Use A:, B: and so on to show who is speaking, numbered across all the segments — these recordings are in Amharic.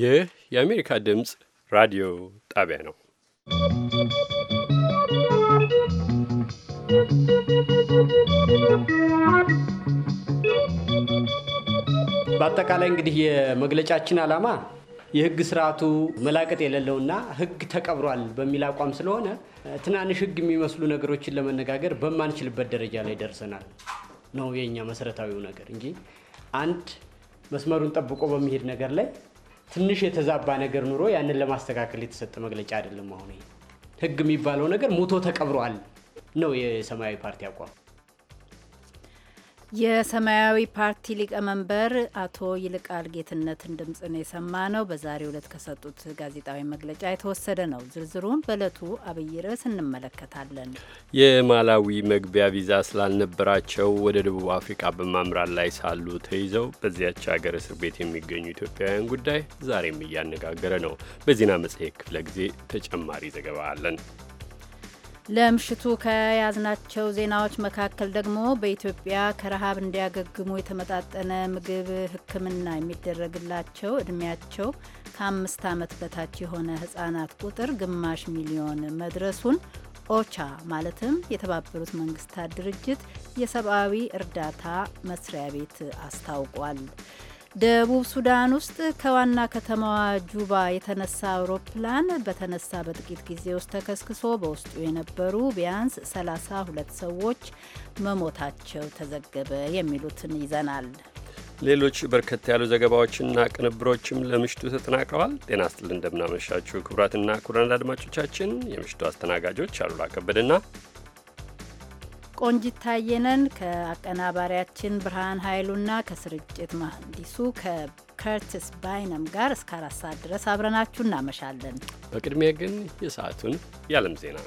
A: ይህ የአሜሪካ ድምፅ ራዲዮ ጣቢያ ነው።
B: በአጠቃላይ እንግዲህ የመግለጫችን ዓላማ የህግ ስርዓቱ መላቀጥ የሌለውና ህግ ተቀብሯል በሚል አቋም ስለሆነ ትናንሽ ህግ የሚመስሉ ነገሮችን ለመነጋገር በማንችልበት ደረጃ ላይ ደርሰናል። ነው የኛ መሰረታዊው ነገር እንጂ አንድ መስመሩን ጠብቆ በሚሄድ ነገር ላይ ትንሽ የተዛባ ነገር ኑሮ ያንን ለማስተካከል የተሰጠ መግለጫ አይደለም። አሁን ህግ የሚባለው ነገር ሞቶ ተቀብሯል ነው የሰማያዊ ፓርቲ አቋም።
C: የሰማያዊ ፓርቲ ሊቀመንበር አቶ ይልቃል ጌትነትን ድምጽ ነው የሰማ ነው። በዛሬ ዕለት ከሰጡት ጋዜጣዊ መግለጫ የተወሰደ ነው። ዝርዝሩን በዕለቱ አብይ ርዕስ እንመለከታለን።
A: የማላዊ መግቢያ ቪዛ ስላልነበራቸው ወደ ደቡብ አፍሪካ በማምራት ላይ ሳሉ ተይዘው በዚያች ሀገር እስር ቤት የሚገኙ ኢትዮጵያውያን ጉዳይ ዛሬም እያነጋገረ ነው። በዜና መጽሔት ክፍለ ጊዜ ተጨማሪ ዘገባ አለን።
C: ለምሽቱ ከያዝናቸው ዜናዎች መካከል ደግሞ በኢትዮጵያ ከረሃብ እንዲያገግሙ የተመጣጠነ ምግብ ሕክምና የሚደረግላቸው እድሜያቸው ከአምስት ዓመት በታች የሆነ ህጻናት ቁጥር ግማሽ ሚሊዮን መድረሱን ኦቻ ማለትም የተባበሩት መንግስታት ድርጅት የሰብአዊ እርዳታ መስሪያ ቤት አስታውቋል። ደቡብ ሱዳን ውስጥ ከዋና ከተማዋ ጁባ የተነሳ አውሮፕላን በተነሳ በጥቂት ጊዜ ውስጥ ተከስክሶ በውስጡ የነበሩ ቢያንስ 32 ሰዎች መሞታቸው ተዘገበ። የሚሉትን ይዘናል።
A: ሌሎች በርከት ያሉ ዘገባዎችና ቅንብሮችም ለምሽቱ ተጠናቀዋል። ጤና ስጥል እንደምናመሻችሁ ክቡራትና ክቡራን አድማጮቻችን የምሽቱ አስተናጋጆች አሉላ ከበደና
C: ቆንጂት ታየነን ከአቀናባሪያችን ብርሃን ኃይሉና ከስርጭት መሀንዲሱ ከከርትስ ባይነም ጋር እስከ አራት ሰዓት ድረስ አብረናችሁ እናመሻለን።
A: በቅድሚያ ግን የሰዓቱን የዓለም ዜና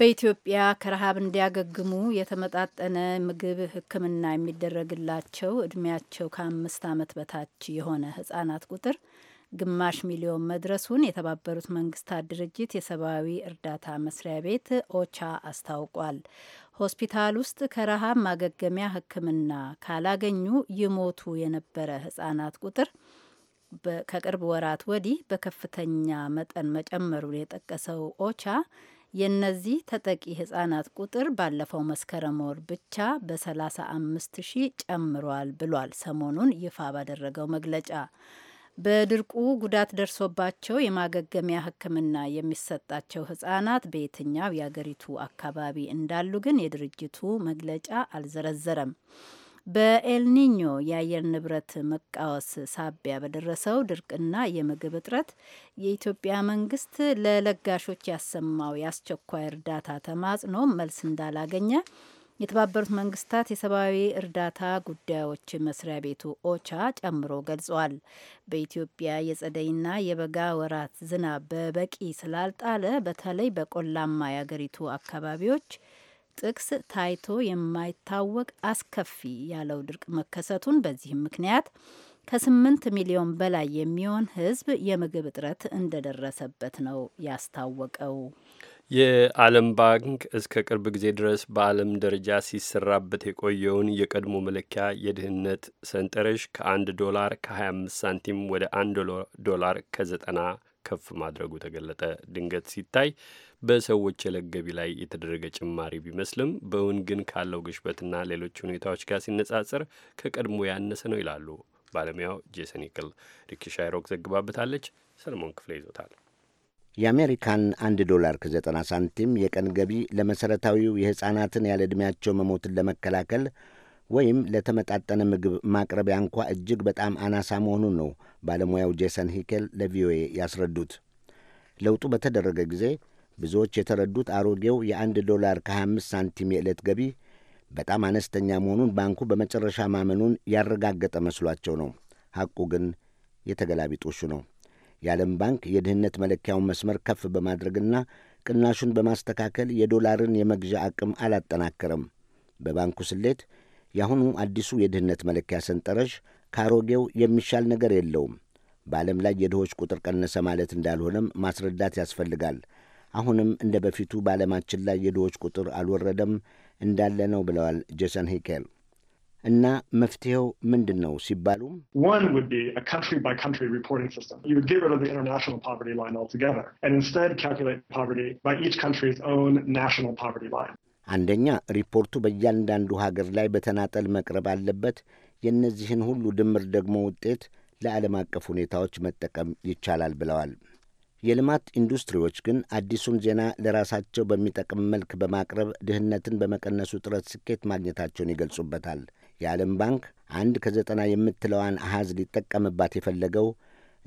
C: በኢትዮጵያ ከረሃብ እንዲያገግሙ የተመጣጠነ ምግብ ሕክምና የሚደረግላቸው እድሜያቸው ከአምስት ዓመት በታች የሆነ ህጻናት ቁጥር ግማሽ ሚሊዮን መድረሱን የተባበሩት መንግስታት ድርጅት የሰብአዊ እርዳታ መስሪያ ቤት ኦቻ አስታውቋል። ሆስፒታል ውስጥ ከረሃብ ማገገሚያ ሕክምና ካላገኙ ይሞቱ የነበረ ህጻናት ቁጥር ከቅርብ ወራት ወዲህ በከፍተኛ መጠን መጨመሩን የጠቀሰው ኦቻ የነዚህ ተጠቂ ህጻናት ቁጥር ባለፈው መስከረም ወር ብቻ በ35 ሺህ ጨምሯል ብሏል። ሰሞኑን ይፋ ባደረገው መግለጫ በድርቁ ጉዳት ደርሶባቸው የማገገሚያ ሕክምና የሚሰጣቸው ህጻናት በየትኛው የአገሪቱ አካባቢ እንዳሉ ግን የድርጅቱ መግለጫ አልዘረዘረም። በኤልኒኞ የአየር ንብረት መቃወስ ሳቢያ በደረሰው ድርቅና የምግብ እጥረት የኢትዮጵያ መንግስት ለለጋሾች ያሰማው የአስቸኳይ እርዳታ ተማጽኖ መልስ እንዳላገኘ የተባበሩት መንግስታት የሰብአዊ እርዳታ ጉዳዮች መስሪያ ቤቱ ኦቻ ጨምሮ ገልጿል። በኢትዮጵያ የጸደይና የበጋ ወራት ዝናብ በበቂ ስላልጣለ በተለይ በቆላማ የአገሪቱ አካባቢዎች ጥቅስ ታይቶ የማይታወቅ አስከፊ ያለው ድርቅ መከሰቱን በዚህም ምክንያት ከስምንት ሚሊዮን በላይ የሚሆን ህዝብ የምግብ እጥረት እንደደረሰበት ነው ያስታወቀው።
A: የዓለም ባንክ እስከ ቅርብ ጊዜ ድረስ በዓለም ደረጃ ሲሰራበት የቆየውን የቀድሞ መለኪያ የድህነት ሰንጠረዥ ከአንድ ዶላር ከ25 ሳንቲም ወደ አንድ ዶላር ከዘጠና ከፍ ማድረጉ ተገለጠ። ድንገት ሲታይ በሰዎች የዕለት ገቢ ላይ የተደረገ ጭማሪ ቢመስልም በእውን ግን ካለው ግሽበትና ሌሎች ሁኔታዎች ጋር ሲነጻጸር ከቀድሞ ያነሰ ነው ይላሉ ባለሙያው ጄሰን ይክል። ሪኪ ሻይሮክ ዘግባበታለች። ሰለሞን ክፍሌ ይዞታል።
D: የአሜሪካን አንድ ዶላር ከ90 ሳንቲም የቀን ገቢ ለመሠረታዊው የሕፃናትን ያለ ዕድሜያቸው መሞትን ለመከላከል ወይም ለተመጣጠነ ምግብ ማቅረቢያ እንኳ እጅግ በጣም አናሳ መሆኑን ነው ባለሙያው ጄሰን ሂኬል ለቪኦኤ ያስረዱት። ለውጡ በተደረገ ጊዜ ብዙዎች የተረዱት አሮጌው የአንድ ዶላር ከ25 ሳንቲም የዕለት ገቢ በጣም አነስተኛ መሆኑን ባንኩ በመጨረሻ ማመኑን ያረጋገጠ መስሏቸው ነው። ሐቁ ግን የተገላቢጦሹ ነው። የዓለም ባንክ የድህነት መለኪያውን መስመር ከፍ በማድረግና ቅናሹን በማስተካከል የዶላርን የመግዣ አቅም አላጠናከረም። በባንኩ ስሌት የአሁኑ አዲሱ የድህነት መለኪያ ሰንጠረዥ ከአሮጌው የሚሻል ነገር የለውም። በዓለም ላይ የድሆች ቁጥር ቀነሰ ማለት እንዳልሆነም ማስረዳት ያስፈልጋል። አሁንም እንደ በፊቱ በዓለማችን ላይ የድሆች ቁጥር አልወረደም፣ እንዳለ ነው ብለዋል ጄሰን ሂኬል። እና መፍትሄው ምንድን ነው ሲባሉም አንደኛ ሪፖርቱ በእያንዳንዱ ሀገር ላይ በተናጠል መቅረብ አለበት። የእነዚህን ሁሉ ድምር ደግሞ ውጤት ለዓለም አቀፍ ሁኔታዎች መጠቀም ይቻላል ብለዋል። የልማት ኢንዱስትሪዎች ግን አዲሱን ዜና ለራሳቸው በሚጠቅም መልክ በማቅረብ ድህነትን በመቀነሱ ጥረት ስኬት ማግኘታቸውን ይገልጹበታል። የዓለም ባንክ አንድ ከዘጠና የምትለዋን አሐዝ ሊጠቀምባት የፈለገው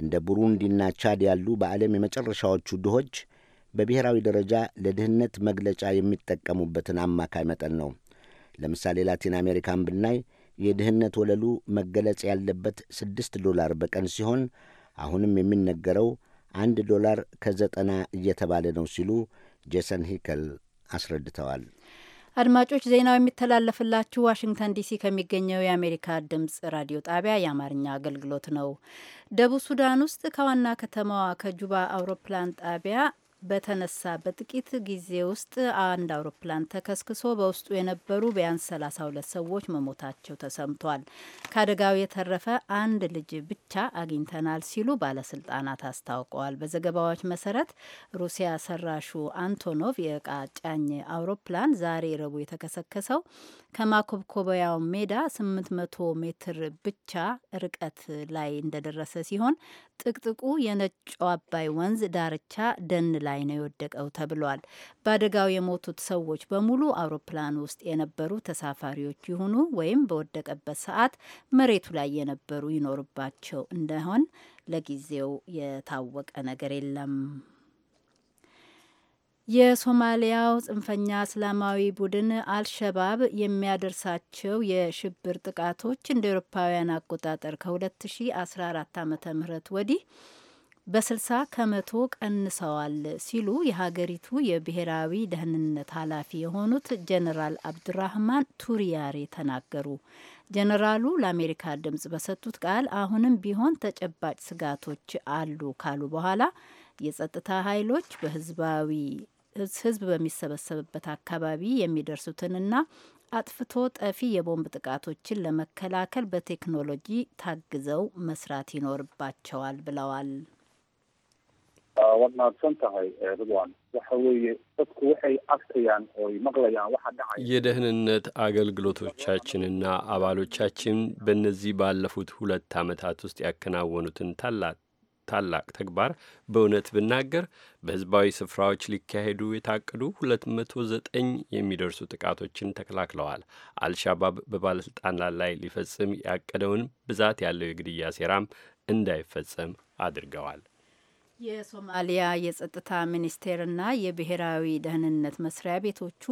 D: እንደ ቡሩንዲና ቻድ ያሉ በዓለም የመጨረሻዎቹ ድሆች በብሔራዊ ደረጃ ለድህነት መግለጫ የሚጠቀሙበትን አማካይ መጠን ነው። ለምሳሌ ላቲን አሜሪካን ብናይ የድህነት ወለሉ መገለጽ ያለበት ስድስት ዶላር በቀን ሲሆን አሁንም የሚነገረው አንድ ዶላር ከዘጠና እየተባለ ነው ሲሉ ጄሰን ሂከል
C: አስረድተዋል። አድማጮች ዜናው የሚተላለፍላችሁ ዋሽንግተን ዲሲ ከሚገኘው የአሜሪካ ድምጽ ራዲዮ ጣቢያ የአማርኛ አገልግሎት ነው። ደቡብ ሱዳን ውስጥ ከዋና ከተማዋ ከጁባ አውሮፕላን ጣቢያ በተነሳ በጥቂት ጊዜ ውስጥ አንድ አውሮፕላን ተከስክሶ በውስጡ የነበሩ ቢያንስ 32 ሰዎች መሞታቸው ተሰምቷል። ከአደጋው የተረፈ አንድ ልጅ ብቻ አግኝተናል ሲሉ ባለስልጣናት አስታውቀዋል። በዘገባዎች መሰረት ሩሲያ ሰራሹ አንቶኖቭ የእቃ ጫኝ አውሮፕላን ዛሬ ረቡዕ የተከሰከሰው ከማኮብኮቢያው ሜዳ 800 ሜትር ብቻ ርቀት ላይ እንደደረሰ ሲሆን ጥቅጥቁ የነጩ አባይ ወንዝ ዳርቻ ደን ላይ ላይ ነው የወደቀው ተብሏል። በአደጋው የሞቱት ሰዎች በሙሉ አውሮፕላን ውስጥ የነበሩ ተሳፋሪዎች ይሁኑ ወይም በወደቀበት ሰዓት መሬቱ ላይ የነበሩ ይኖርባቸው እንደሆን ለጊዜው የታወቀ ነገር የለም። የሶማሊያው ጽንፈኛ እስላማዊ ቡድን አልሸባብ የሚያደርሳቸው የሽብር ጥቃቶች እንደ ኤሮፓውያን አቆጣጠር ከ2014 ዓ ም ወዲህ በ60 ከመቶ ቀንሰዋል ሲሉ የሀገሪቱ የብሔራዊ ደህንነት ኃላፊ የሆኑት ጀነራል አብድራህማን ቱሪያሬ ተናገሩ። ጀነራሉ ለአሜሪካ ድምጽ በሰጡት ቃል አሁንም ቢሆን ተጨባጭ ስጋቶች አሉ ካሉ በኋላ የጸጥታ ኃይሎች በህዝባዊ ህዝብ በሚሰበሰብበት አካባቢ የሚደርሱትንና አጥፍቶ ጠፊ የቦምብ ጥቃቶችን ለመከላከል በቴክኖሎጂ ታግዘው መስራት ይኖርባቸዋል ብለዋል።
E: waad tahay eh, ridwan waxa weeye dadku waxay arkayaan oy maqlayaan waxa dhacaya
A: የደህንነት አገልግሎቶቻችንና አባሎቻችን በእነዚህ ባለፉት ሁለት ዓመታት ውስጥ ያከናወኑትን ታላቅ ታላቅ ተግባር በእውነት ብናገር በህዝባዊ ስፍራዎች ሊካሄዱ የታቀዱ 209 የሚደርሱ ጥቃቶችን ተከላክለዋል። አልሻባብ በባለሥልጣናት ላይ ሊፈጽም ያቀደውን ብዛት ያለው የግድያ ሴራም እንዳይፈጸም አድርገዋል።
C: የሶማሊያ የጸጥታ ሚኒስቴርና የብሔራዊ ደህንነት መስሪያ ቤቶቹ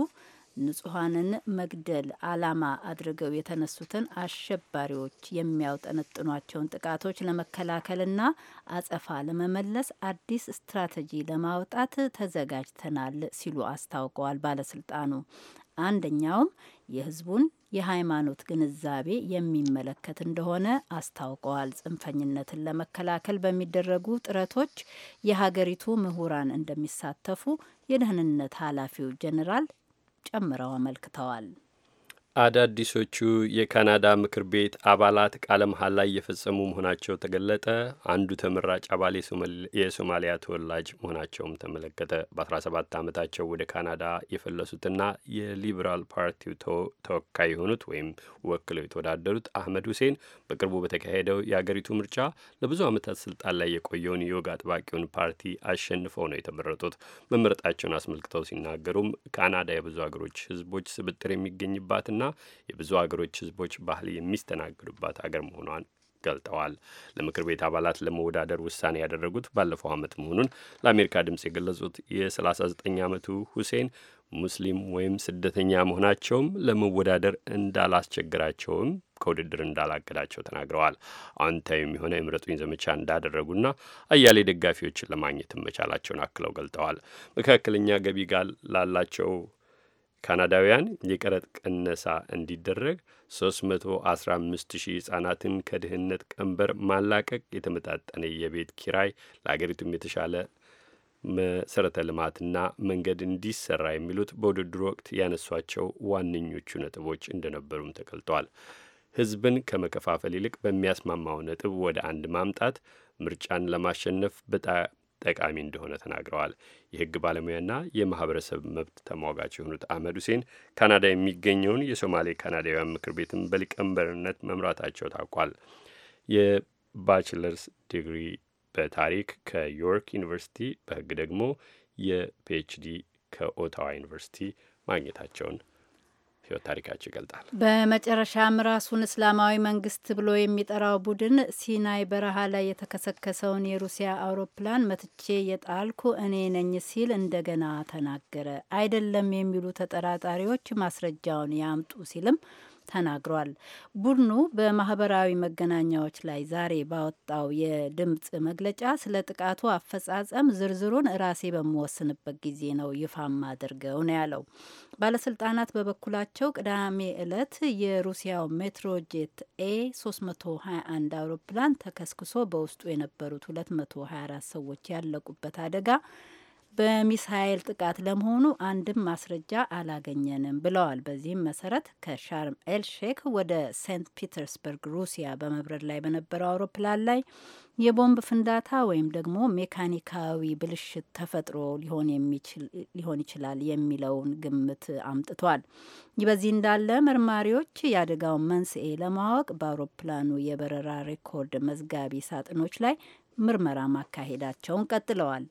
C: ንጹሐንን መግደል ዓላማ አድርገው የተነሱትን አሸባሪዎች የሚያውጠነጥኗቸውን ጥቃቶች ለመከላከልና አጸፋ ለመመለስ አዲስ ስትራቴጂ ለማውጣት ተዘጋጅተናል ሲሉ አስታውቀዋል። ባለስልጣኑ አንደኛውም የህዝቡን የሃይማኖት ግንዛቤ የሚመለከት እንደሆነ አስታውቀዋል። ጽንፈኝነትን ለመከላከል በሚደረጉ ጥረቶች የሀገሪቱ ምሁራን እንደሚሳተፉ የደህንነት ኃላፊው ጀኔራል ጨምረው አመልክተዋል።
A: አዳዲሶቹ የካናዳ ምክር ቤት አባላት ቃለ መሀል ላይ እየፈጸሙ መሆናቸው ተገለጠ። አንዱ ተመራጭ አባል የሶማሊያ ተወላጅ መሆናቸውም ተመለከተ። በ17 ዓመታቸው ወደ ካናዳ የፈለሱትና የሊበራል ፓርቲው ተወካይ የሆኑት ወይም ወክለው የተወዳደሩት አህመድ ሁሴን በቅርቡ በተካሄደው የአገሪቱ ምርጫ ለብዙ ዓመታት ስልጣን ላይ የቆየውን የወግ አጥባቂውን ፓርቲ አሸንፈው ነው የተመረጡት። መመረጣቸውን አስመልክተው ሲናገሩም ካናዳ የብዙ አገሮች ህዝቦች ስብጥር የሚገኝባትና የብዙ አገሮች ህዝቦች ባህል የሚስተናገዱባት አገር መሆኗን ገልጠዋል። ለምክር ቤት አባላት ለመወዳደር ውሳኔ ያደረጉት ባለፈው ዓመት መሆኑን ለአሜሪካ ድምፅ የገለጹት የ39 ዓመቱ ሁሴን ሙስሊም ወይም ስደተኛ መሆናቸውም ለመወዳደር እንዳላስቸግራቸውም ከውድድር እንዳላገዳቸው ተናግረዋል። አዎንታዊ የሆነ የምረጡኝ ዘመቻ እንዳደረጉና አያሌ ደጋፊዎችን ለማግኘት መቻላቸውን አክለው ገልጠዋል። መካከለኛ ገቢ ጋር ላላቸው ካናዳውያን የቀረጥ ቅነሳ እንዲደረግ 315 ሺህ ሕፃናትን ከድህነት ቀንበር ማላቀቅ፣ የተመጣጠነ የቤት ኪራይ፣ ለአገሪቱም የተሻለ መሰረተ ልማትና መንገድ እንዲሰራ የሚሉት በውድድሩ ወቅት ያነሷቸው ዋነኞቹ ነጥቦች እንደነበሩም ተገልጧል። ህዝብን ከመከፋፈል ይልቅ በሚያስማማው ነጥብ ወደ አንድ ማምጣት ምርጫን ለማሸነፍ ጠቃሚ እንደሆነ ተናግረዋል። የህግ ባለሙያና የማህበረሰብ መብት ተሟጋች የሆኑት አህመድ ሁሴን ካናዳ የሚገኘውን የሶማሌ ካናዳውያን ምክር ቤትን በሊቀመንበርነት መምራታቸው ታውቋል። የባችለርስ ዲግሪ በታሪክ ከዮርክ ዩኒቨርሲቲ በህግ ደግሞ የፒኤችዲ ከኦታዋ ዩኒቨርሲቲ ማግኘታቸውን ህይወት ታሪካቸው ይገልጣል።
C: በመጨረሻም ራሱን እስላማዊ መንግስት ብሎ የሚጠራው ቡድን ሲናይ በረሃ ላይ የተከሰከሰውን የሩሲያ አውሮፕላን መትቼ የጣልኩ እኔ ነኝ ሲል እንደገና ተናገረ። አይደለም የሚሉ ተጠራጣሪዎች ማስረጃውን ያምጡ ሲልም ተናግሯል። ቡድኑ በማህበራዊ መገናኛዎች ላይ ዛሬ ባወጣው የድምፅ መግለጫ ስለ ጥቃቱ አፈጻጸም ዝርዝሩን ራሴ በምወስንበት ጊዜ ነው ይፋ አድርገው ነው ያለው። ባለስልጣናት በበኩላቸው ቅዳሜ ዕለት የሩሲያው ሜትሮጄት ኤ 321 አውሮፕላን ተከስክሶ በውስጡ የነበሩት 224 ሰዎች ያለቁበት አደጋ በሚሳኤል ጥቃት ለመሆኑ አንድም ማስረጃ አላገኘንም ብለዋል። በዚህም መሰረት ከሻርም ኤል ሼክ ወደ ሴንት ፒተርስበርግ ሩሲያ በመብረር ላይ በነበረው አውሮፕላን ላይ የቦምብ ፍንዳታ ወይም ደግሞ ሜካኒካዊ ብልሽት ተፈጥሮ ሊሆን ይችላል የሚለውን ግምት አምጥቷል። ይህ በዚህ እንዳለ መርማሪዎች የአደጋውን መንስኤ ለማወቅ በአውሮፕላኑ የበረራ ሬኮርድ መዝጋቢ ሳጥኖች ላይ ምርመራ ማካሄዳቸውን ቀጥለዋል።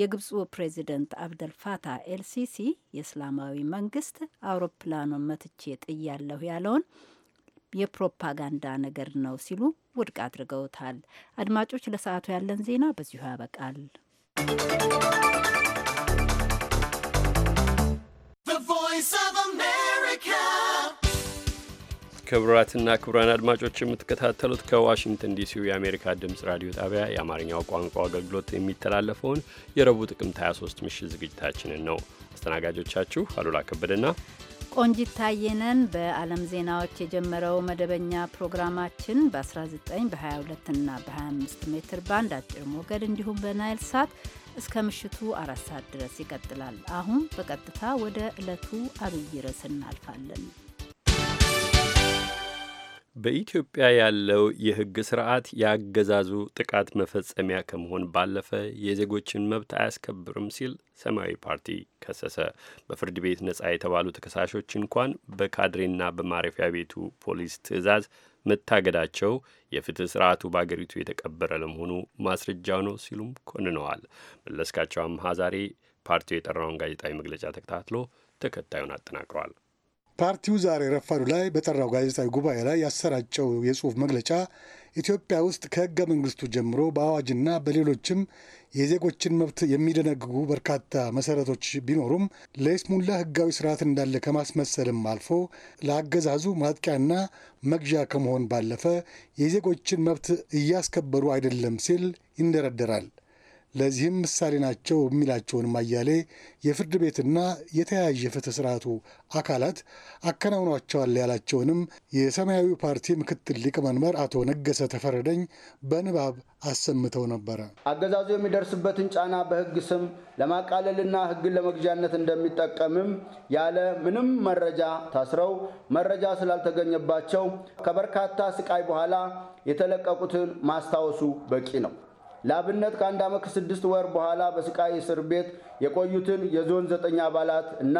C: የግብፁ ፕሬዚደንት አብደል ፋታህ ኤልሲሲ የእስላማዊ መንግስት አውሮፕላኑን መትቼ ጥያለሁ ያለውን የፕሮፓጋንዳ ነገር ነው ሲሉ ውድቅ አድርገውታል። አድማጮች፣ ለሰዓቱ ያለን ዜና በዚሁ ያበቃል።
F: ቮይስ ኦፍ አሜሪካ
A: ክቡራትና ክቡራን አድማጮች የምትከታተሉት ከዋሽንግተን ዲሲው የአሜሪካ ድምፅ ራዲዮ ጣቢያ የአማርኛው ቋንቋ አገልግሎት የሚተላለፈውን የረቡዕ ጥቅምት 23 ምሽት ዝግጅታችንን ነው። አስተናጋጆቻችሁ አሉላ ከበደና
C: ቆንጂት ታየነን። በዓለም ዜናዎች የጀመረው መደበኛ ፕሮግራማችን በ19 በ22ና በ25 ሜትር ባንድ አጭር ሞገድ እንዲሁም በናይል ሳት እስከ ምሽቱ አራት ሰዓት ድረስ ይቀጥላል። አሁን በቀጥታ ወደ ዕለቱ አብይ ርዕስ እናልፋለን።
A: በኢትዮጵያ ያለው የህግ ስርዓት የአገዛዙ ጥቃት መፈጸሚያ ከመሆን ባለፈ የዜጎችን መብት አያስከብርም ሲል ሰማያዊ ፓርቲ ከሰሰ። በፍርድ ቤት ነጻ የተባሉ ተከሳሾች እንኳን በካድሬና በማረፊያ ቤቱ ፖሊስ ትዕዛዝ መታገዳቸው የፍትህ ስርዓቱ በአገሪቱ የተቀበረ ለመሆኑ ማስረጃው ነው ሲሉም ኮንነዋል። መለስካቸው አምሃ ዛሬ ፓርቲው የጠራውን ጋዜጣዊ መግለጫ ተከታትሎ ተከታዩን አጠናቅሯል።
G: ፓርቲው ዛሬ ረፋዱ ላይ በጠራው ጋዜጣዊ ጉባኤ ላይ ያሰራጨው የጽሑፍ መግለጫ ኢትዮጵያ ውስጥ ከህገ መንግስቱ ጀምሮ በአዋጅና በሌሎችም የዜጎችን መብት የሚደነግጉ በርካታ መሰረቶች ቢኖሩም ለይስሙላ ህጋዊ ስርዓት እንዳለ ከማስመሰልም አልፎ ለአገዛዙ ማጥቂያና መግዣ ከመሆን ባለፈ የዜጎችን መብት እያስከበሩ አይደለም ሲል ይንደረደራል። ለዚህም ምሳሌ ናቸው የሚላቸውን አያሌ የፍርድ ቤትና የተያያዥ የፍትህ ስርዓቱ አካላት አከናውኗቸዋል ያላቸውንም የሰማያዊ ፓርቲ ምክትል ሊቀመንበር አቶ ነገሰ ተፈረደኝ በንባብ አሰምተው ነበረ።
H: አገዛዙ የሚደርስበትን ጫና በህግ ስም ለማቃለልና ህግን ለመግዣነት እንደሚጠቀምም ያለ ምንም መረጃ ታስረው መረጃ ስላልተገኘባቸው ከበርካታ ስቃይ በኋላ የተለቀቁትን ማስታወሱ በቂ ነው። ለአብነት ከአንድ ዓመት ከስድስት ወር በኋላ በስቃይ እስር ቤት የቆዩትን የዞን ዘጠኝ አባላት እና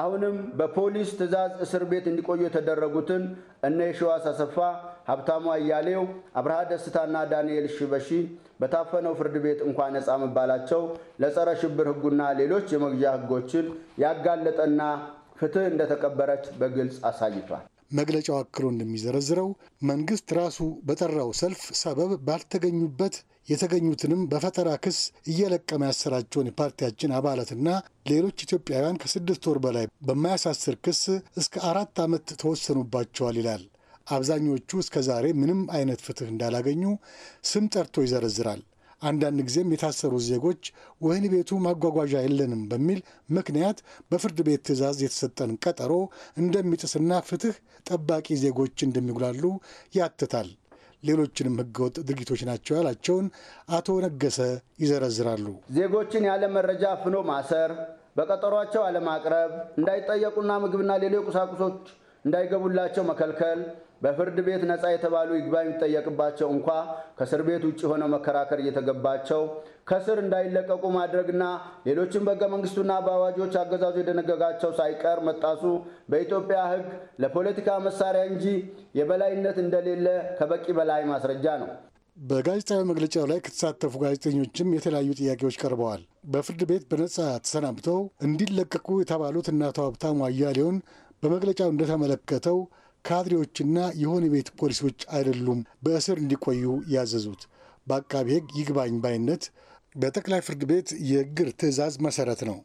H: አሁንም በፖሊስ ትዕዛዝ እስር ቤት እንዲቆዩ የተደረጉትን እነ የሸዋስ አሰፋ፣ ሀብታሙ አያሌው፣ አብርሃ ደስታና ዳንኤል ሽበሺ በታፈነው ፍርድ ቤት እንኳ ነፃ መባላቸው ለጸረ ሽብር ህጉና ሌሎች የመግዣ ሕጎችን ያጋለጠና ፍትህ እንደተቀበረች በግልጽ አሳይቷል።
G: መግለጫው አክሎ እንደሚዘረዝረው መንግስት ራሱ በጠራው ሰልፍ ሰበብ ባልተገኙበት የተገኙትንም በፈጠራ ክስ እየለቀመ ያሰራቸውን የፓርቲያችን አባላትና ሌሎች ኢትዮጵያውያን ከስድስት ወር በላይ በማያሳስር ክስ እስከ አራት ዓመት ተወሰኑባቸዋል ይላል። አብዛኞቹ እስከ ዛሬ ምንም አይነት ፍትህ እንዳላገኙ ስም ጠርቶ ይዘረዝራል። አንዳንድ ጊዜም የታሰሩት ዜጎች ወህኒ ቤቱ ማጓጓዣ የለንም በሚል ምክንያት በፍርድ ቤት ትዕዛዝ የተሰጠን ቀጠሮ እንደሚጥስና ፍትህ ጠባቂ ዜጎች እንደሚጉላሉ ያትታል። ሌሎችንም ህገወጥ ድርጊቶች ናቸው ያላቸውን አቶ ነገሰ ይዘረዝራሉ።
H: ዜጎችን ያለ መረጃ ፍኖ ማሰር፣ በቀጠሯቸው አለማቅረብ፣ እንዳይጠየቁና ምግብና ሌሎች ቁሳቁሶች እንዳይገቡላቸው መከልከል፣ በፍርድ ቤት ነፃ የተባሉ ይግባኝ የሚጠየቅባቸው እንኳ ከእስር ቤት ውጭ ሆነው መከራከር እየተገባቸው ከስር እንዳይለቀቁ ማድረግና ሌሎችም በሕገ መንግስቱና በአዋጆች አገዛዙ የደነገጋቸው ሳይቀር መጣሱ በኢትዮጵያ ሕግ ለፖለቲካ መሳሪያ እንጂ የበላይነት እንደሌለ ከበቂ በላይ ማስረጃ ነው።
G: በጋዜጣዊ መግለጫው ላይ ከተሳተፉ ጋዜጠኞችም የተለያዩ ጥያቄዎች ቀርበዋል። በፍርድ ቤት በነጻ ተሰናብተው እንዲለቀቁ የተባሉት እናቶ ሀብታሙ አያሌውን በመግለጫው እንደተመለከተው ካድሬዎችና የሆነ ቤት ፖሊሶች አይደሉም በእስር እንዲቆዩ ያዘዙት። በአቃቢ ሕግ ይግባኝ ባይነት በጠቅላይ ፍርድ ቤት የእግር ትዕዛዝ መሰረት ነው።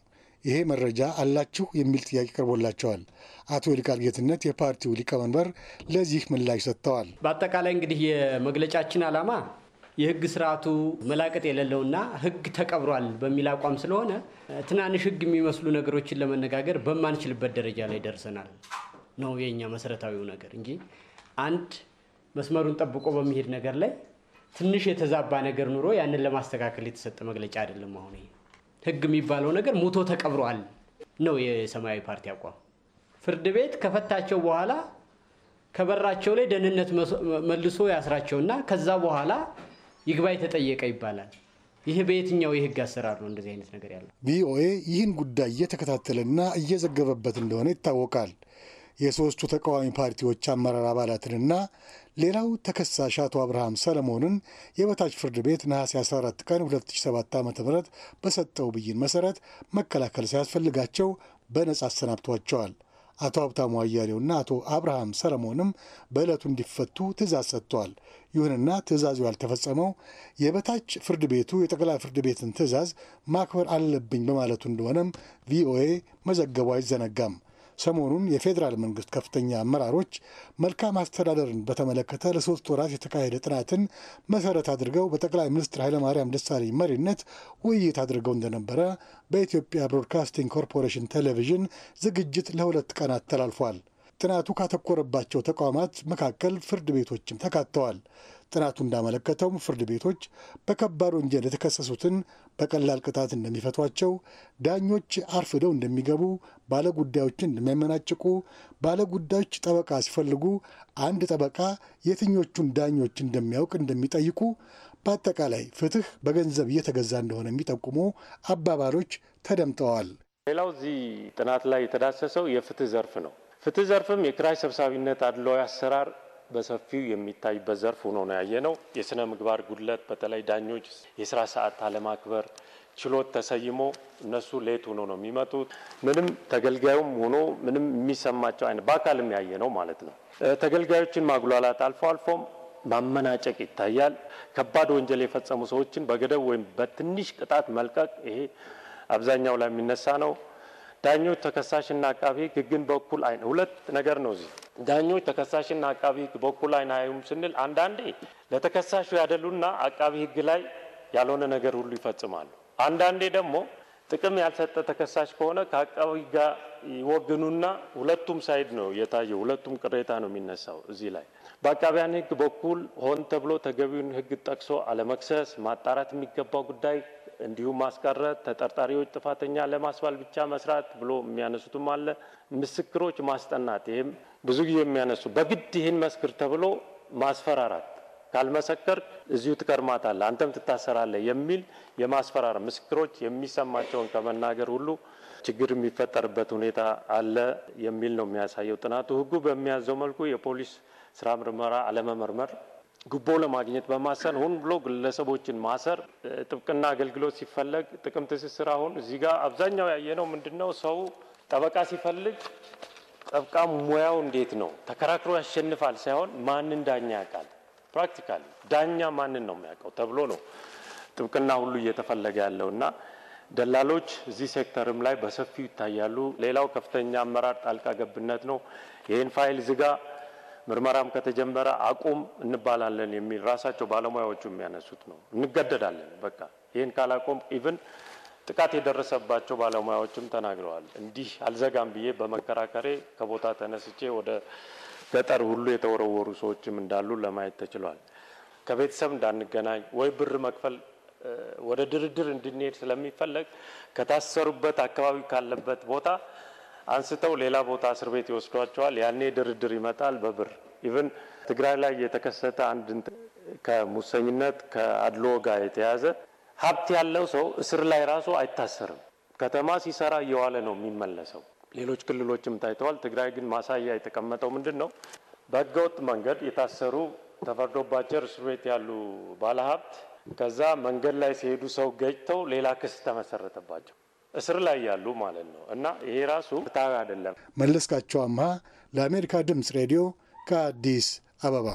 G: ይሄ መረጃ አላችሁ የሚል ጥያቄ ቀርቦላቸዋል። አቶ ይልቃል ጌትነት የፓርቲው ሊቀመንበር ለዚህ ምላሽ ሰጥተዋል።
B: በአጠቃላይ እንግዲህ የመግለጫችን ዓላማ የህግ ስርዓቱ መላቀጥ የሌለውና ህግ ተቀብሯል በሚል አቋም ስለሆነ ትናንሽ ህግ የሚመስሉ ነገሮችን ለመነጋገር በማንችልበት ደረጃ ላይ ደርሰናል ነው የኛ መሰረታዊው ነገር እንጂ አንድ መስመሩን ጠብቆ በሚሄድ ነገር ላይ ትንሽ የተዛባ ነገር ኑሮ ያንን ለማስተካከል የተሰጠ መግለጫ አይደለም። አሁን ህግ የሚባለው ነገር ሙቶ ተቀብሯል ነው የሰማያዊ ፓርቲ አቋም። ፍርድ ቤት ከፈታቸው በኋላ ከበራቸው ላይ ደህንነት መልሶ ያስራቸውና ከዛ በኋላ ይግባ የተጠየቀ ይባላል። ይህ በየትኛው የህግ አሰራር ነው እንደዚህ አይነት ነገር ያለው?
G: ቪኦኤ ይህን ጉዳይ እየተከታተለና እየዘገበበት እንደሆነ ይታወቃል። የሶስቱ ተቃዋሚ ፓርቲዎች አመራር አባላትንና ሌላው ተከሳሽ አቶ አብርሃም ሰለሞንን የበታች ፍርድ ቤት ነሐሴ 14 ቀን 2007 ዓ ም በሰጠው ብይን መሰረት መከላከል ሲያስፈልጋቸው በነጻ አሰናብቷቸዋል። አቶ ሀብታሙ አያሌውና አቶ አብርሃም ሰለሞንም በዕለቱ እንዲፈቱ ትእዛዝ ሰጥቷል። ይሁንና ትዕዛዙ ያልተፈጸመው የበታች ፍርድ ቤቱ የጠቅላይ ፍርድ ቤትን ትዕዛዝ ማክበር አለብኝ በማለቱ እንደሆነም ቪኦኤ መዘገቡ አይዘነጋም። ሰሞኑን የፌዴራል መንግስት ከፍተኛ አመራሮች መልካም አስተዳደርን በተመለከተ ለሶስት ወራት የተካሄደ ጥናትን መሰረት አድርገው በጠቅላይ ሚኒስትር ኃይለማርያም ደሳለኝ መሪነት ውይይት አድርገው እንደነበረ በኢትዮጵያ ብሮድካስቲንግ ኮርፖሬሽን ቴሌቪዥን ዝግጅት ለሁለት ቀናት ተላልፏል። ጥናቱ ካተኮረባቸው ተቋማት መካከል ፍርድ ቤቶችም ተካተዋል። ጥናቱ እንዳመለከተውም ፍርድ ቤቶች በከባድ ወንጀል የተከሰሱትን በቀላል ቅጣት እንደሚፈቷቸው፣ ዳኞች አርፍደው እንደሚገቡ፣ ባለጉዳዮችን እንደሚያመናጭቁ፣ ባለጉዳዮች ጠበቃ ሲፈልጉ አንድ ጠበቃ የትኞቹን ዳኞች እንደሚያውቅ እንደሚጠይቁ፣ በአጠቃላይ ፍትህ በገንዘብ እየተገዛ እንደሆነ የሚጠቁሙ አባባሎች ተደምጠዋል።
I: ሌላው እዚህ ጥናት ላይ የተዳሰሰው የፍትህ ዘርፍ ነው። ፍትህ ዘርፍም የክራይ ሰብሳቢነት አድሏዊ አሰራር በሰፊው የሚታይበት ዘርፍ ሆኖ ነው ነው። የስነ ምግባር ጉድለት፣ በተለይ ዳኞች የስራ ሰዓት አለማክበር፣ ችሎት ተሰይሞ እነሱ ሌት ሆኖ ነው የሚመጡት። ምንም ተገልጋዩም ሆኖ ምንም የሚሰማቸው አይነት በአካልም ያየ ነው ማለት ነው። ተገልጋዮችን ማጉላላት አልፎ አልፎም ማመናጨቅ ይታያል። ከባድ ወንጀል የፈጸሙ ሰዎችን በገደብ ወይም በትንሽ ቅጣት መልቀቅ፣ ይሄ አብዛኛው ላይ የሚነሳ ነው። ዳኞች ተከሳሽና አቃቢ ህግ ህግን በኩል አይን ሁለት ነገር ነው። እዚህ ዳኞች ተከሳሽና አቃቢ ህግ በኩል አይን አዩም ስንል አንዳንዴ ለተከሳሹ ያደሉና አቃቢ ህግ ላይ ያልሆነ ነገር ሁሉ ይፈጽማሉ። አንዳንዴ ደግሞ ጥቅም ያልሰጠ ተከሳሽ ከሆነ ከአቃቢ ጋር ይወግኑና ሁለቱም ሳይድ ነው የታየው። ሁለቱም ቅሬታ ነው የሚነሳው እዚህ ላይ በአቃቢያን ሕግ በኩል ሆን ተብሎ ተገቢውን ሕግ ጠቅሶ አለመክሰስ፣ ማጣራት የሚገባው ጉዳይ እንዲሁም ማስቀረት፣ ተጠርጣሪዎች ጥፋተኛ ለማስባል ብቻ መስራት ብሎ የሚያነሱትም አለ። ምስክሮች ማስጠናት፣ ይህም ብዙ ጊዜ የሚያነሱ በግድ ይህን መስክር ተብሎ ማስፈራራት፣ ካልመሰከር እዚሁ ትቀርማታለ አንተም ትታሰራለህ የሚል የማስፈራር ምስክሮች የሚሰማቸውን ከመናገር ሁሉ ችግር የሚፈጠርበት ሁኔታ አለ የሚል ነው የሚያሳየው ጥናቱ። ህጉ በሚያዘው መልኩ የፖሊስ ስራ ምርመራ አለመመርመር፣ ጉቦ ለማግኘት በማሰር ሆን ብሎ ግለሰቦችን ማሰር፣ ጥብቅና አገልግሎት ሲፈለግ ጥቅም ትስስር። አሁን እዚህ ጋር አብዛኛው ያየነው ምንድን ነው? ሰው ጠበቃ ሲፈልግ ጠብቃ ሙያው እንዴት ነው? ተከራክሮ ያሸንፋል ሳይሆን ማንን ዳኛ ያውቃል? ፕራክቲካሊ ዳኛ ማንን ነው የሚያውቀው ተብሎ ነው ጥብቅና ሁሉ እየተፈለገ ያለው እና ደላሎች እዚህ ሴክተርም ላይ በሰፊው ይታያሉ። ሌላው ከፍተኛ አመራር ጣልቃ ገብነት ነው። ይህን ፋይል ዝጋ፣ ምርመራም ከተጀመረ አቁም እንባላለን የሚል ራሳቸው ባለሙያዎቹ የሚያነሱት ነው። እንገደዳለን በቃ ይህን ካላቆም ኢቭን ጥቃት የደረሰባቸው ባለሙያዎችም ተናግረዋል። እንዲህ አልዘጋም ብዬ በመከራከሬ ከቦታ ተነስቼ ወደ ገጠር ሁሉ የተወረወሩ ሰዎችም እንዳሉ ለማየት ተችሏል። ከቤተሰብ እንዳንገናኝ ወይ ብር መክፈል ወደ ድርድር እንድንሄድ ስለሚፈለግ ከታሰሩበት አካባቢ ካለበት ቦታ አንስተው ሌላ ቦታ እስር ቤት ይወስዷቸዋል። ያኔ ድርድር ይመጣል በብር ኢቨን ትግራይ ላይ የተከሰተ አንድ ከሙሰኝነት ከአድሎ ጋር የተያዘ ሀብት ያለው ሰው እስር ላይ ራሱ አይታሰርም። ከተማ ሲሰራ እየዋለ ነው የሚመለሰው። ሌሎች ክልሎችም ታይተዋል። ትግራይ ግን ማሳያ የተቀመጠው ምንድን ነው? በህገወጥ መንገድ የታሰሩ ተፈርዶባቸው እስር ቤት ያሉ ባለሀብት ከዛ መንገድ ላይ ሲሄዱ ሰው ገጭተው ሌላ ክስ ተመሰረተባቸው። እስር ላይ ያሉ ማለት ነው እና ይሄ ራሱ ታ አይደለም።
G: መለስካቸው አምሃ ለአሜሪካ ድምፅ ሬዲዮ ከአዲስ አበባ።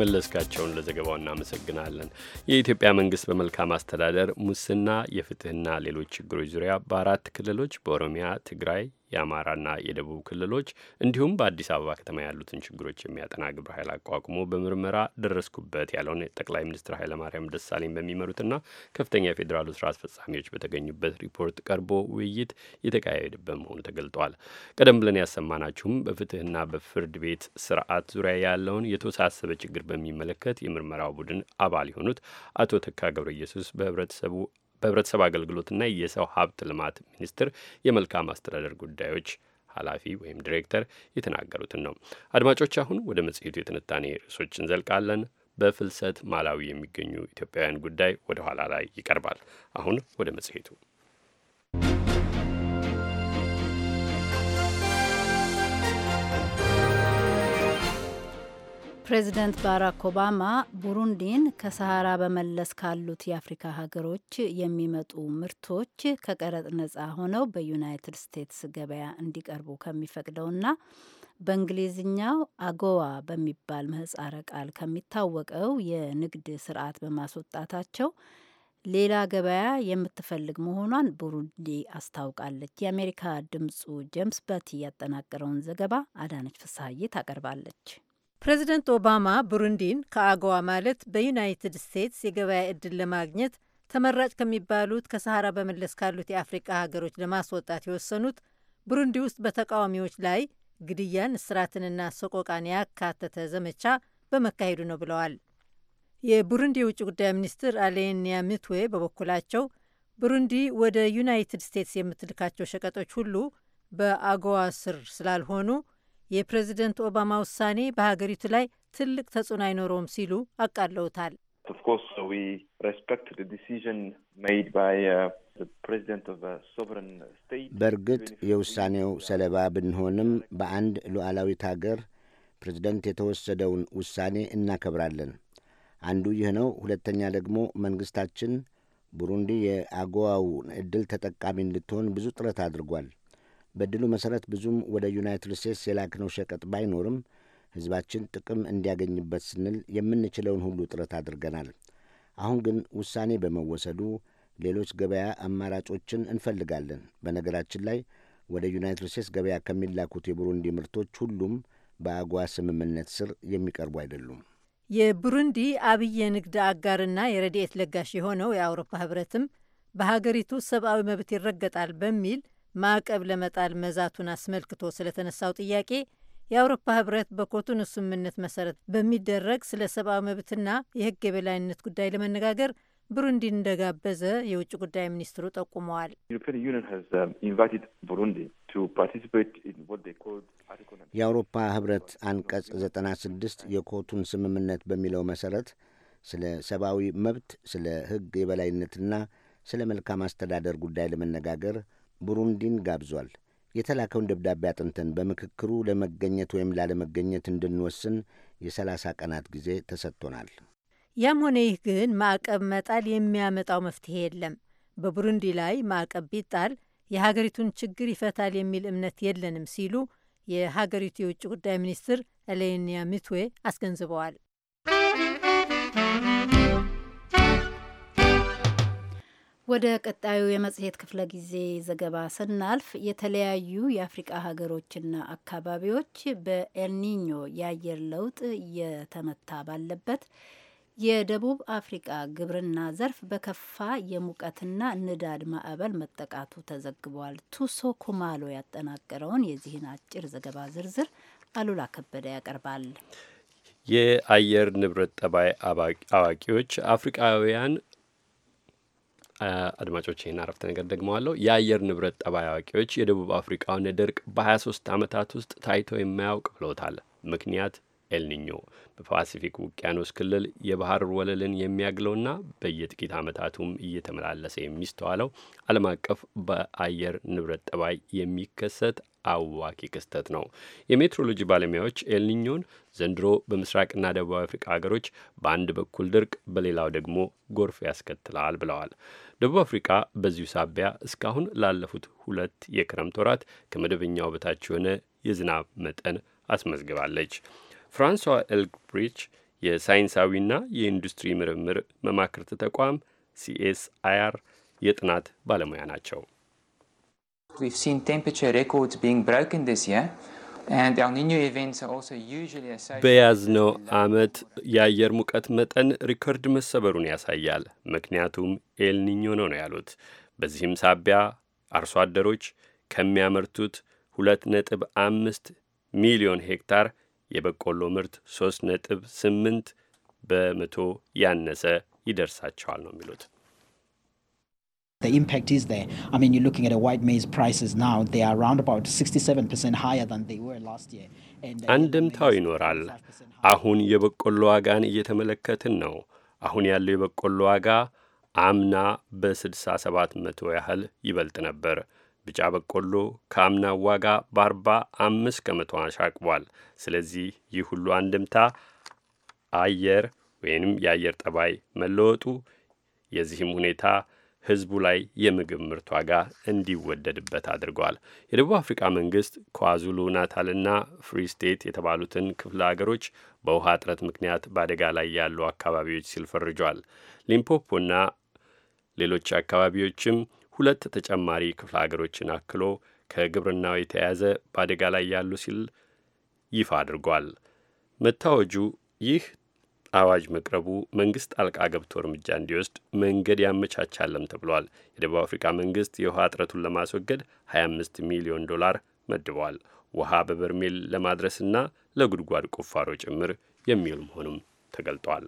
A: መለስካቸውን ለዘገባው እናመሰግናለን። የኢትዮጵያ መንግስት በመልካም አስተዳደር ሙስና፣ የፍትህና ሌሎች ችግሮች ዙሪያ በአራት ክልሎች በኦሮሚያ፣ ትግራይ፣ የአማራና የደቡብ ክልሎች እንዲሁም በአዲስ አበባ ከተማ ያሉትን ችግሮች የሚያጠና ግብረ ኃይል አቋቁሞ በምርመራ ደረስኩበት ያለውን ጠቅላይ ሚኒስትር ኃይለማርያም ደሳለኝ በሚመሩትና ከፍተኛ የፌዴራሉ ስራ አስፈጻሚዎች በተገኙበት ሪፖርት ቀርቦ ውይይት የተካሄደበት መሆኑ ተገልጧል። ቀደም ብለን ያሰማናችሁም በፍትህና በፍርድ ቤት ስርዓት ዙሪያ ያለውን የተወሳሰበ ችግር በሚመለከት የምርመራው ቡድን አባል የሆኑት አቶ ተካ ገብረ ኢየሱስ በህብረተሰቡ በህብረተሰብ አገልግሎትና የሰው ሀብት ልማት ሚኒስቴር የመልካም አስተዳደር ጉዳዮች ኃላፊ ወይም ዲሬክተር የተናገሩትን ነው። አድማጮች፣ አሁን ወደ መጽሔቱ የትንታኔ ርዕሶች እንዘልቃለን። በፍልሰት ማላዊ የሚገኙ ኢትዮጵያውያን ጉዳይ ወደ ኋላ ላይ ይቀርባል። አሁን ወደ መጽሔቱ
C: ፕሬዚደንት ባራክ ኦባማ ቡሩንዲን ከሰሃራ በመለስ ካሉት የአፍሪካ ሀገሮች የሚመጡ ምርቶች ከቀረጥ ነጻ ሆነው በዩናይትድ ስቴትስ ገበያ እንዲቀርቡ ከሚፈቅደውና በእንግሊዝኛው አጎዋ በሚባል ምህጻረ ቃል ከሚታወቀው የንግድ ስርዓት በማስወጣታቸው ሌላ ገበያ የምትፈልግ መሆኗን ቡሩንዲ አስታውቃለች። የአሜሪካ ድምጹ ጄምስ በቲ ያጠናቀረውን
J: ዘገባ አዳነች ፍስሀዬ ታቀርባለች። ፕሬዚደንት ኦባማ ብሩንዲን ከአገዋ ማለት በዩናይትድ ስቴትስ የገበያ ዕድል ለማግኘት ተመራጭ ከሚባሉት ከሰሃራ በመለስ ካሉት የአፍሪቃ ሀገሮች ለማስወጣት የወሰኑት ብሩንዲ ውስጥ በተቃዋሚዎች ላይ ግድያን፣ እስራትንና ሰቆቃን ያካተተ ዘመቻ በመካሄዱ ነው ብለዋል። የቡሩንዲ የውጭ ጉዳይ ሚኒስትር አሌኒያ ምትዌ በበኩላቸው ብሩንዲ ወደ ዩናይትድ ስቴትስ የምትልካቸው ሸቀጦች ሁሉ በአጎዋ ስር ስላልሆኑ የፕሬዝደንት ኦባማ ውሳኔ በሀገሪቱ ላይ ትልቅ ተጽዕኖ አይኖረውም ሲሉ አቃለውታል።
K: uh, uh,
D: በእርግጥ የውሳኔው ሰለባ ብንሆንም በአንድ ሉዓላዊት ሀገር ፕሬዝደንት የተወሰደውን ውሳኔ እናከብራለን። አንዱ ይህ ነው። ሁለተኛ ደግሞ መንግስታችን ቡሩንዲ የአጎዋውን ዕድል ተጠቃሚ እንድትሆን ብዙ ጥረት አድርጓል። በድሉ መሠረት ብዙም ወደ ዩናይትድ ስቴትስ የላክነው ሸቀጥ ባይኖርም ሕዝባችን ጥቅም እንዲያገኝበት ስንል የምንችለውን ሁሉ ጥረት አድርገናል። አሁን ግን ውሳኔ በመወሰዱ ሌሎች ገበያ አማራጮችን እንፈልጋለን። በነገራችን ላይ ወደ ዩናይትድ ስቴትስ ገበያ ከሚላኩት የቡሩንዲ ምርቶች ሁሉም በአጓ ስምምነት ስር የሚቀርቡ አይደሉም።
J: የቡሩንዲ አብይ የንግድ አጋርና የረድኤት ለጋሽ የሆነው የአውሮፓ ህብረትም በሀገሪቱ ሰብአዊ መብት ይረገጣል በሚል ማዕቀብ ለመጣል መዛቱን አስመልክቶ ስለተነሳው ጥያቄ የአውሮፓ ህብረት በኮቶኑ ስምምነት መሰረት በሚደረግ ስለ ሰብአዊ መብትና የህግ የበላይነት ጉዳይ ለመነጋገር ብሩንዲ እንደጋበዘ የውጭ ጉዳይ ሚኒስትሩ ጠቁመዋል።
K: um,
D: የአውሮፓ ህብረት አንቀጽ 96 የኮቱን ስምምነት በሚለው መሰረት ስለ ሰብአዊ መብት፣ ስለ ህግ የበላይነትና ስለ መልካም አስተዳደር ጉዳይ ለመነጋገር ቡሩንዲን ጋብዟል። የተላከውን ደብዳቤ አጥንተን በምክክሩ ለመገኘት ወይም ላለመገኘት እንድንወስን የሰላሳ ቀናት ጊዜ ተሰጥቶናል።
J: ያም ሆነ ይህ ግን ማዕቀብ መጣል የሚያመጣው መፍትሄ የለም። በቡሩንዲ ላይ ማዕቀብ ቢጣል የሀገሪቱን ችግር ይፈታል የሚል እምነት የለንም ሲሉ የሀገሪቱ የውጭ ጉዳይ ሚኒስትር ኤሌኒያ ሚትዌ አስገንዝበዋል። ወደ ቀጣዩ
C: የመጽሔት ክፍለ ጊዜ ዘገባ ስናልፍ የተለያዩ የአፍሪቃ ሀገሮችና አካባቢዎች በኤልኒኞ የአየር ለውጥ እየተመታ ባለበት የደቡብ አፍሪቃ ግብርና ዘርፍ በከፋ የሙቀትና ንዳድ ማዕበል መጠቃቱ ተዘግቧል። ቱሶ ኩማሎ ያጠናቀረውን የዚህን አጭር ዘገባ ዝርዝር አሉላ ከበደ ያቀርባል።
A: የአየር ንብረት ጠባይ አዋቂዎች አፍሪቃውያን አድማጮች ይህን አረፍተ ነገር ደግመዋለሁ። የአየር ንብረት ጠባይ አዋቂዎች የደቡብ አፍሪካውን ድርቅ በ23 ዓመታት ውስጥ ታይቶ የማያውቅ ብለውታል። ምክንያት ኤልኒኞ በፓሲፊክ ውቅያኖስ ክልል የባህር ወለልን የሚያግለውና በየጥቂት ዓመታቱም እየተመላለሰ የሚስተዋለው ዓለም አቀፍ በአየር ንብረት ጠባይ የሚከሰት አዋኪ ክስተት ነው። የሜትሮሎጂ ባለሙያዎች ኤልኒኞን ዘንድሮ በምስራቅና ደቡብ አፍሪካ ሀገሮች በአንድ በኩል ድርቅ፣ በሌላው ደግሞ ጎርፍ ያስከትላል ብለዋል። ደቡብ አፍሪቃ በዚሁ ሳቢያ እስካሁን ላለፉት ሁለት የክረምት ወራት ከመደበኛው በታች የሆነ የዝናብ መጠን አስመዝግባለች። ፍራንሷ ኤልግብሪች የሳይንሳዊና የኢንዱስትሪ ምርምር መማክርት ተቋም ሲኤስአይአር የጥናት ባለሙያ ናቸው። በያዝነው ዓመት የአየር ሙቀት መጠን ሪከርድ መሰበሩን ያሳያል። ምክንያቱም ኤልኒኞ ነው ነው ያሉት። በዚህም ሳቢያ አርሶ አደሮች ከሚያመርቱት ሁለት ነጥብ አምስት ሚሊዮን ሄክታር የበቆሎ ምርት ሶስት ነጥብ ስምንት በመቶ ያነሰ ይደርሳቸዋል ነው የሚሉት።
L: the impact is there. I mean, you're looking at a white maize prices now, they are around about 67% higher than they
F: were last year.
A: Uh, አንድምታው ይኖራል። አሁን የበቆሎ ዋጋን እየተመለከትን ነው። አሁን ያለው የበቆሎ ዋጋ አምና በ67 መቶ ያህል ይበልጥ ነበር። ቢጫ በቆሎ ከአምና ዋጋ በ45 ከመቶ አሻቅቧል። ስለዚህ ይህ ሁሉ አንድምታ አየር ወይንም የአየር ጠባይ መለወጡ የዚህም ሁኔታ ህዝቡ ላይ የምግብ ምርት ዋጋ እንዲወደድበት አድርጓል። የደቡብ አፍሪካ መንግስት ኳዙሉ ናታልና ፍሪ ስቴት የተባሉትን ክፍለ አገሮች በውሃ እጥረት ምክንያት በአደጋ ላይ ያሉ አካባቢዎች ሲል ፈርጇል። ሊምፖፖና ሌሎች አካባቢዎችም ሁለት ተጨማሪ ክፍለ አገሮችን አክሎ ከግብርናው የተያያዘ በአደጋ ላይ ያሉ ሲል ይፋ አድርጓል። መታወጁ ይህ አዋጅ መቅረቡ መንግስት ጣልቃ ገብቶ እርምጃ እንዲወስድ መንገድ ያመቻቻለም ተብሏል። የደቡብ አፍሪካ መንግስት የውሃ እጥረቱን ለማስወገድ 25 ሚሊዮን ዶላር መድቧል። ውሃ በበርሜል ለማድረስና ለጉድጓድ ቁፋሮ ጭምር የሚውል መሆኑም ተገልጧል።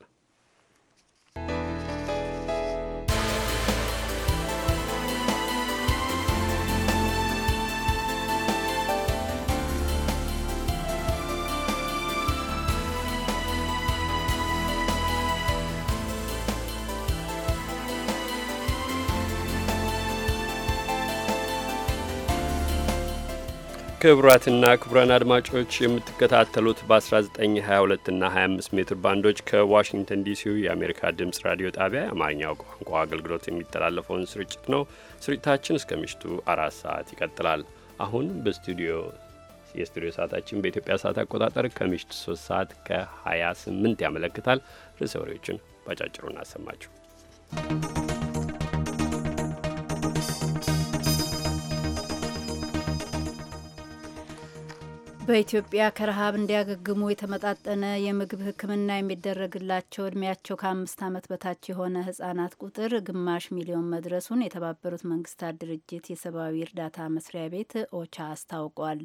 A: ክቡራትና ክቡራን አድማጮች የምትከታተሉት በ1922 እና 25 ሜትር ባንዶች ከዋሽንግተን ዲሲው የአሜሪካ ድምፅ ራዲዮ ጣቢያ የአማርኛው ቋንቋ አገልግሎት የሚተላለፈውን ስርጭት ነው። ስርጭታችን እስከ ምሽቱ አራት ሰዓት ይቀጥላል። አሁን በስቱዲዮ የስቱዲዮ ሰዓታችን በኢትዮጵያ ሰዓት አቆጣጠር ከምሽቱ 3 ሰዓት ከ28 ያመለክታል። ርዕሰ ወሬዎችን ባጫጭሩ እናሰማችሁ።
C: በኢትዮጵያ ከረሃብ እንዲያገግሙ የተመጣጠነ የምግብ ሕክምና የሚደረግላቸው እድሜያቸው ከአምስት ዓመት በታች የሆነ ህጻናት ቁጥር ግማሽ ሚሊዮን መድረሱን የተባበሩት መንግስታት ድርጅት የሰብአዊ እርዳታ መስሪያ ቤት ኦቻ አስታውቋል።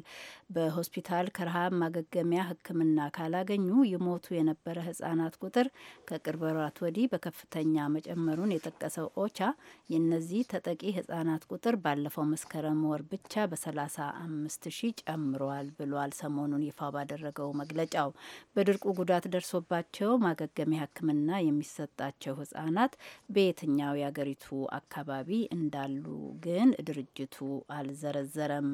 C: በሆስፒታል ከረሃብ ማገገሚያ ሕክምና ካላገኙ ይሞቱ የነበረ ህጻናት ቁጥር ከቅርብ ወራት ወዲህ በከፍተኛ መጨመሩን የጠቀሰው ኦቻ የእነዚህ ተጠቂ ህጻናት ቁጥር ባለፈው መስከረም ወር ብቻ በ35 ሺህ ጨምሯል ብሏል። ብሏል። ሰሞኑን ይፋ ባደረገው መግለጫው በድርቁ ጉዳት ደርሶባቸው ማገገሚያ ሕክምና የሚሰጣቸው ህጻናት በየትኛው የአገሪቱ አካባቢ እንዳሉ ግን ድርጅቱ አልዘረዘረም።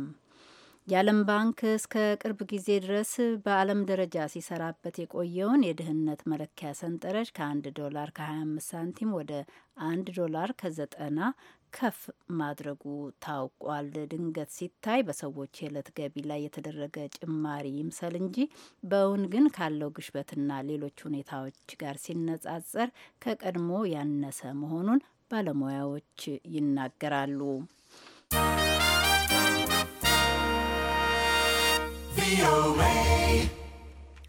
C: የዓለም ባንክ እስከ ቅርብ ጊዜ ድረስ በዓለም ደረጃ ሲሰራበት የቆየውን የድህነት መለኪያ ሰንጠረዥ ከ ዶላር ከ25 ሳንቲም ወደ አንድ ዶላር ከዘጠና ከፍ ማድረጉ ታውቋል። ድንገት ሲታይ በሰዎች የዕለት ገቢ ላይ የተደረገ ጭማሪ ይምሰል እንጂ በእውን ግን ካለው ግሽበትና ሌሎች ሁኔታዎች ጋር ሲነጻጸር ከቀድሞ ያነሰ መሆኑን ባለሙያዎች ይናገራሉ።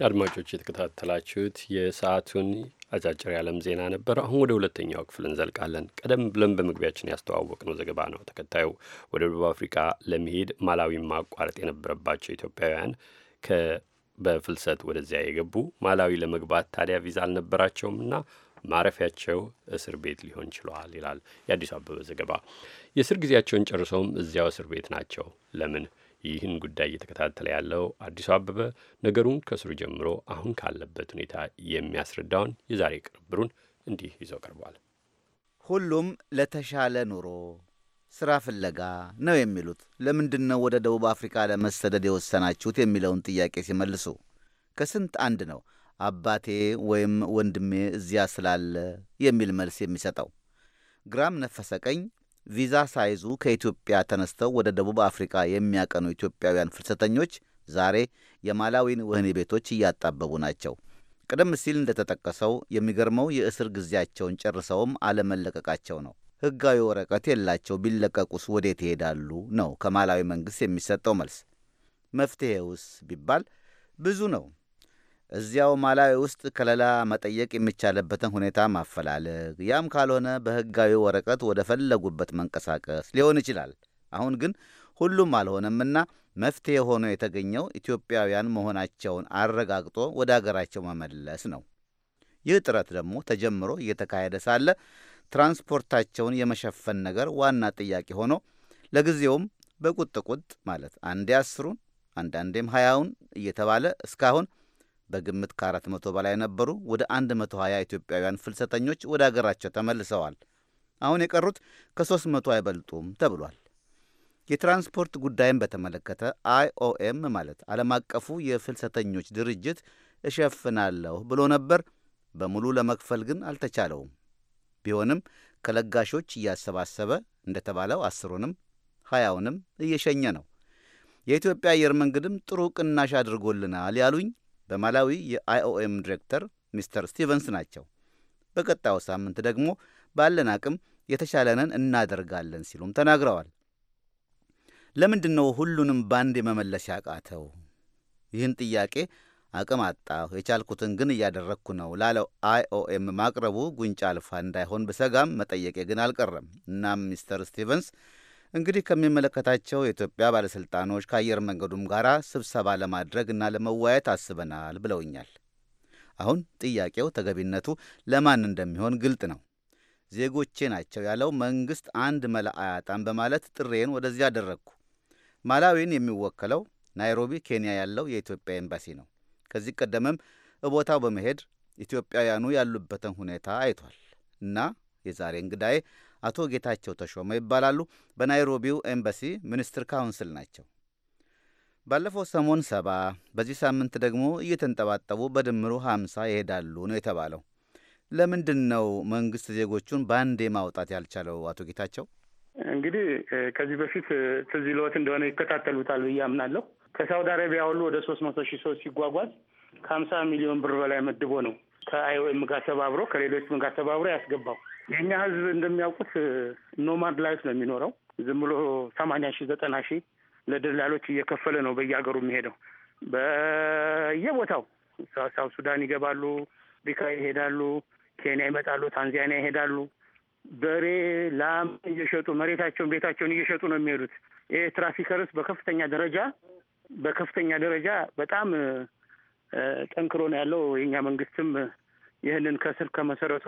A: አድማጮች የተከታተላችሁት የሰዓቱን አጫጭር የዓለም ዜና ነበር። አሁን ወደ ሁለተኛው ክፍል እንዘልቃለን። ቀደም ብለን በመግቢያችን ያስተዋወቅነው ዘገባ ነው ተከታዩ። ወደ ደቡብ አፍሪካ ለመሄድ ማላዊን ማቋረጥ የነበረባቸው ኢትዮጵያውያን በፍልሰት ወደዚያ የገቡ ማላዊ ለመግባት ታዲያ ቪዛ አልነበራቸውም እና ማረፊያቸው እስር ቤት ሊሆን ችሏል ይላል የአዲስ አበበ ዘገባ። የእስር ጊዜያቸውን ጨርሰውም እዚያው እስር ቤት ናቸው። ለምን ይህን ጉዳይ እየተከታተለ ያለው አዲሱ አበበ ነገሩን ከስሩ ጀምሮ አሁን ካለበት ሁኔታ የሚያስረዳውን የዛሬ ቅርብሩን እንዲህ ይዞ ቀርቧል።
L: ሁሉም ለተሻለ ኑሮ ስራ ፍለጋ ነው የሚሉት። ለምንድን ነው ወደ ደቡብ አፍሪካ ለመሰደድ የወሰናችሁት የሚለውን ጥያቄ ሲመልሱ ከስንት አንድ ነው አባቴ ወይም ወንድሜ እዚያ ስላለ የሚል መልስ የሚሰጠው። ግራም ነፈሰ ቀኝ ቪዛ ሳይዙ ከኢትዮጵያ ተነስተው ወደ ደቡብ አፍሪካ የሚያቀኑ ኢትዮጵያውያን ፍልሰተኞች ዛሬ የማላዊን ወህኒ ቤቶች እያጣበቡ ናቸው። ቀደም ሲል እንደተጠቀሰው የሚገርመው የእስር ጊዜያቸውን ጨርሰውም አለመለቀቃቸው ነው። ሕጋዊ ወረቀት የላቸው፣ ቢለቀቁስ ወዴት ይሄዳሉ ነው ከማላዊ መንግሥት የሚሰጠው መልስ። መፍትሔውስ ቢባል ብዙ ነው። እዚያው ማላዊ ውስጥ ከለላ መጠየቅ የሚቻልበትን ሁኔታ ማፈላለግ፣ ያም ካልሆነ በሕጋዊ ወረቀት ወደ ፈለጉበት መንቀሳቀስ ሊሆን ይችላል። አሁን ግን ሁሉም አልሆነምና መፍትሄ ሆኖ የተገኘው ኢትዮጵያውያን መሆናቸውን አረጋግጦ ወደ አገራቸው መመለስ ነው። ይህ ጥረት ደግሞ ተጀምሮ እየተካሄደ ሳለ ትራንስፖርታቸውን የመሸፈን ነገር ዋና ጥያቄ ሆኖ ለጊዜውም በቁጥቁጥ ማለት አንዴ አስሩን አንዳንዴም ሀያውን እየተባለ እስካሁን በግምት ከ400 በላይ ነበሩ። ወደ 120 ኢትዮጵያውያን ፍልሰተኞች ወደ አገራቸው ተመልሰዋል። አሁን የቀሩት ከ300 አይበልጡም ተብሏል። የትራንስፖርት ጉዳይን በተመለከተ አይኦኤም ማለት ዓለም አቀፉ የፍልሰተኞች ድርጅት እሸፍናለሁ ብሎ ነበር። በሙሉ ለመክፈል ግን አልተቻለውም። ቢሆንም ከለጋሾች እያሰባሰበ እንደተባለው አስሩንም ሀያውንም እየሸኘ ነው። የኢትዮጵያ አየር መንገድም ጥሩ ቅናሽ አድርጎልናል ያሉኝ በማላዊ የአይኦኤም ዲሬክተር ሚስተር ስቲቨንስ ናቸው። በቀጣዩ ሳምንት ደግሞ ባለን አቅም የተሻለንን እናደርጋለን ሲሉም ተናግረዋል። ለምንድን ነው ሁሉንም ባንድ የመመለስ ያቃተው? ይህን ጥያቄ አቅም አጣሁ፣ የቻልኩትን ግን እያደረግኩ ነው ላለው አይኦኤም ማቅረቡ ጉንጫ አልፋ እንዳይሆን ብሰጋም መጠየቄ ግን አልቀረም። እናም ሚስተር ስቲቨንስ እንግዲህ ከሚመለከታቸው የኢትዮጵያ ባለሥልጣኖች ከአየር መንገዱም ጋር ስብሰባ ለማድረግ እና ለመወያየት አስበናል ብለውኛል። አሁን ጥያቄው ተገቢነቱ ለማን እንደሚሆን ግልጥ ነው። ዜጎቼ ናቸው ያለው መንግሥት አንድ መላ አያጣም በማለት ጥሬን ወደዚህ አደረግኩ። ማላዊን የሚወከለው ናይሮቢ ኬንያ ያለው የኢትዮጵያ ኤምባሲ ነው። ከዚህ ቀደምም እቦታው በመሄድ ኢትዮጵያውያኑ ያሉበትን ሁኔታ አይቷል እና የዛሬ እንግዳዬ አቶ ጌታቸው ተሾመ ይባላሉ። በናይሮቢው ኤምባሲ ሚኒስትር ካውንስል ናቸው። ባለፈው ሰሞን ሰባ በዚህ ሳምንት ደግሞ እየተንጠባጠቡ በድምሩ ሀምሳ ይሄዳሉ ነው የተባለው። ለምንድን ነው መንግስት ዜጎቹን በአንዴ ማውጣት ያልቻለው? አቶ ጌታቸው እንግዲህ
E: ከዚህ በፊት ትዝ ይልዎት እንደሆነ ይከታተሉታል ብዬ አምናለሁ። ከሳውዲ አረቢያ ሁሉ ወደ ሶስት መቶ ሺህ ሰው ሲጓጓዝ ከሀምሳ ሚሊዮን ብር በላይ መድቦ ነው ከአይኦኤም ጋር ተባብሮ ከሌሎችም ጋር ተባብሮ ያስገባው የእኛ ህዝብ እንደሚያውቁት ኖማድ ላይፍ ነው የሚኖረው። ዝም ብሎ ሰማንያ ሺህ ዘጠና ሺህ ለደላሎች እየከፈለ ነው በየሀገሩ የሚሄደው። በየቦታው ሳውት ሱዳን ይገባሉ፣ አፍሪካ ይሄዳሉ፣ ኬንያ ይመጣሉ፣ ታንዛኒያ ይሄዳሉ። በሬ ላም እየሸጡ መሬታቸውን ቤታቸውን እየሸጡ ነው የሚሄዱት። ይህ ትራፊከርስ በከፍተኛ ደረጃ በከፍተኛ ደረጃ በጣም ጠንክሮ ነው ያለው። የእኛ መንግስትም ይህንን ከስር ከመሰረቱ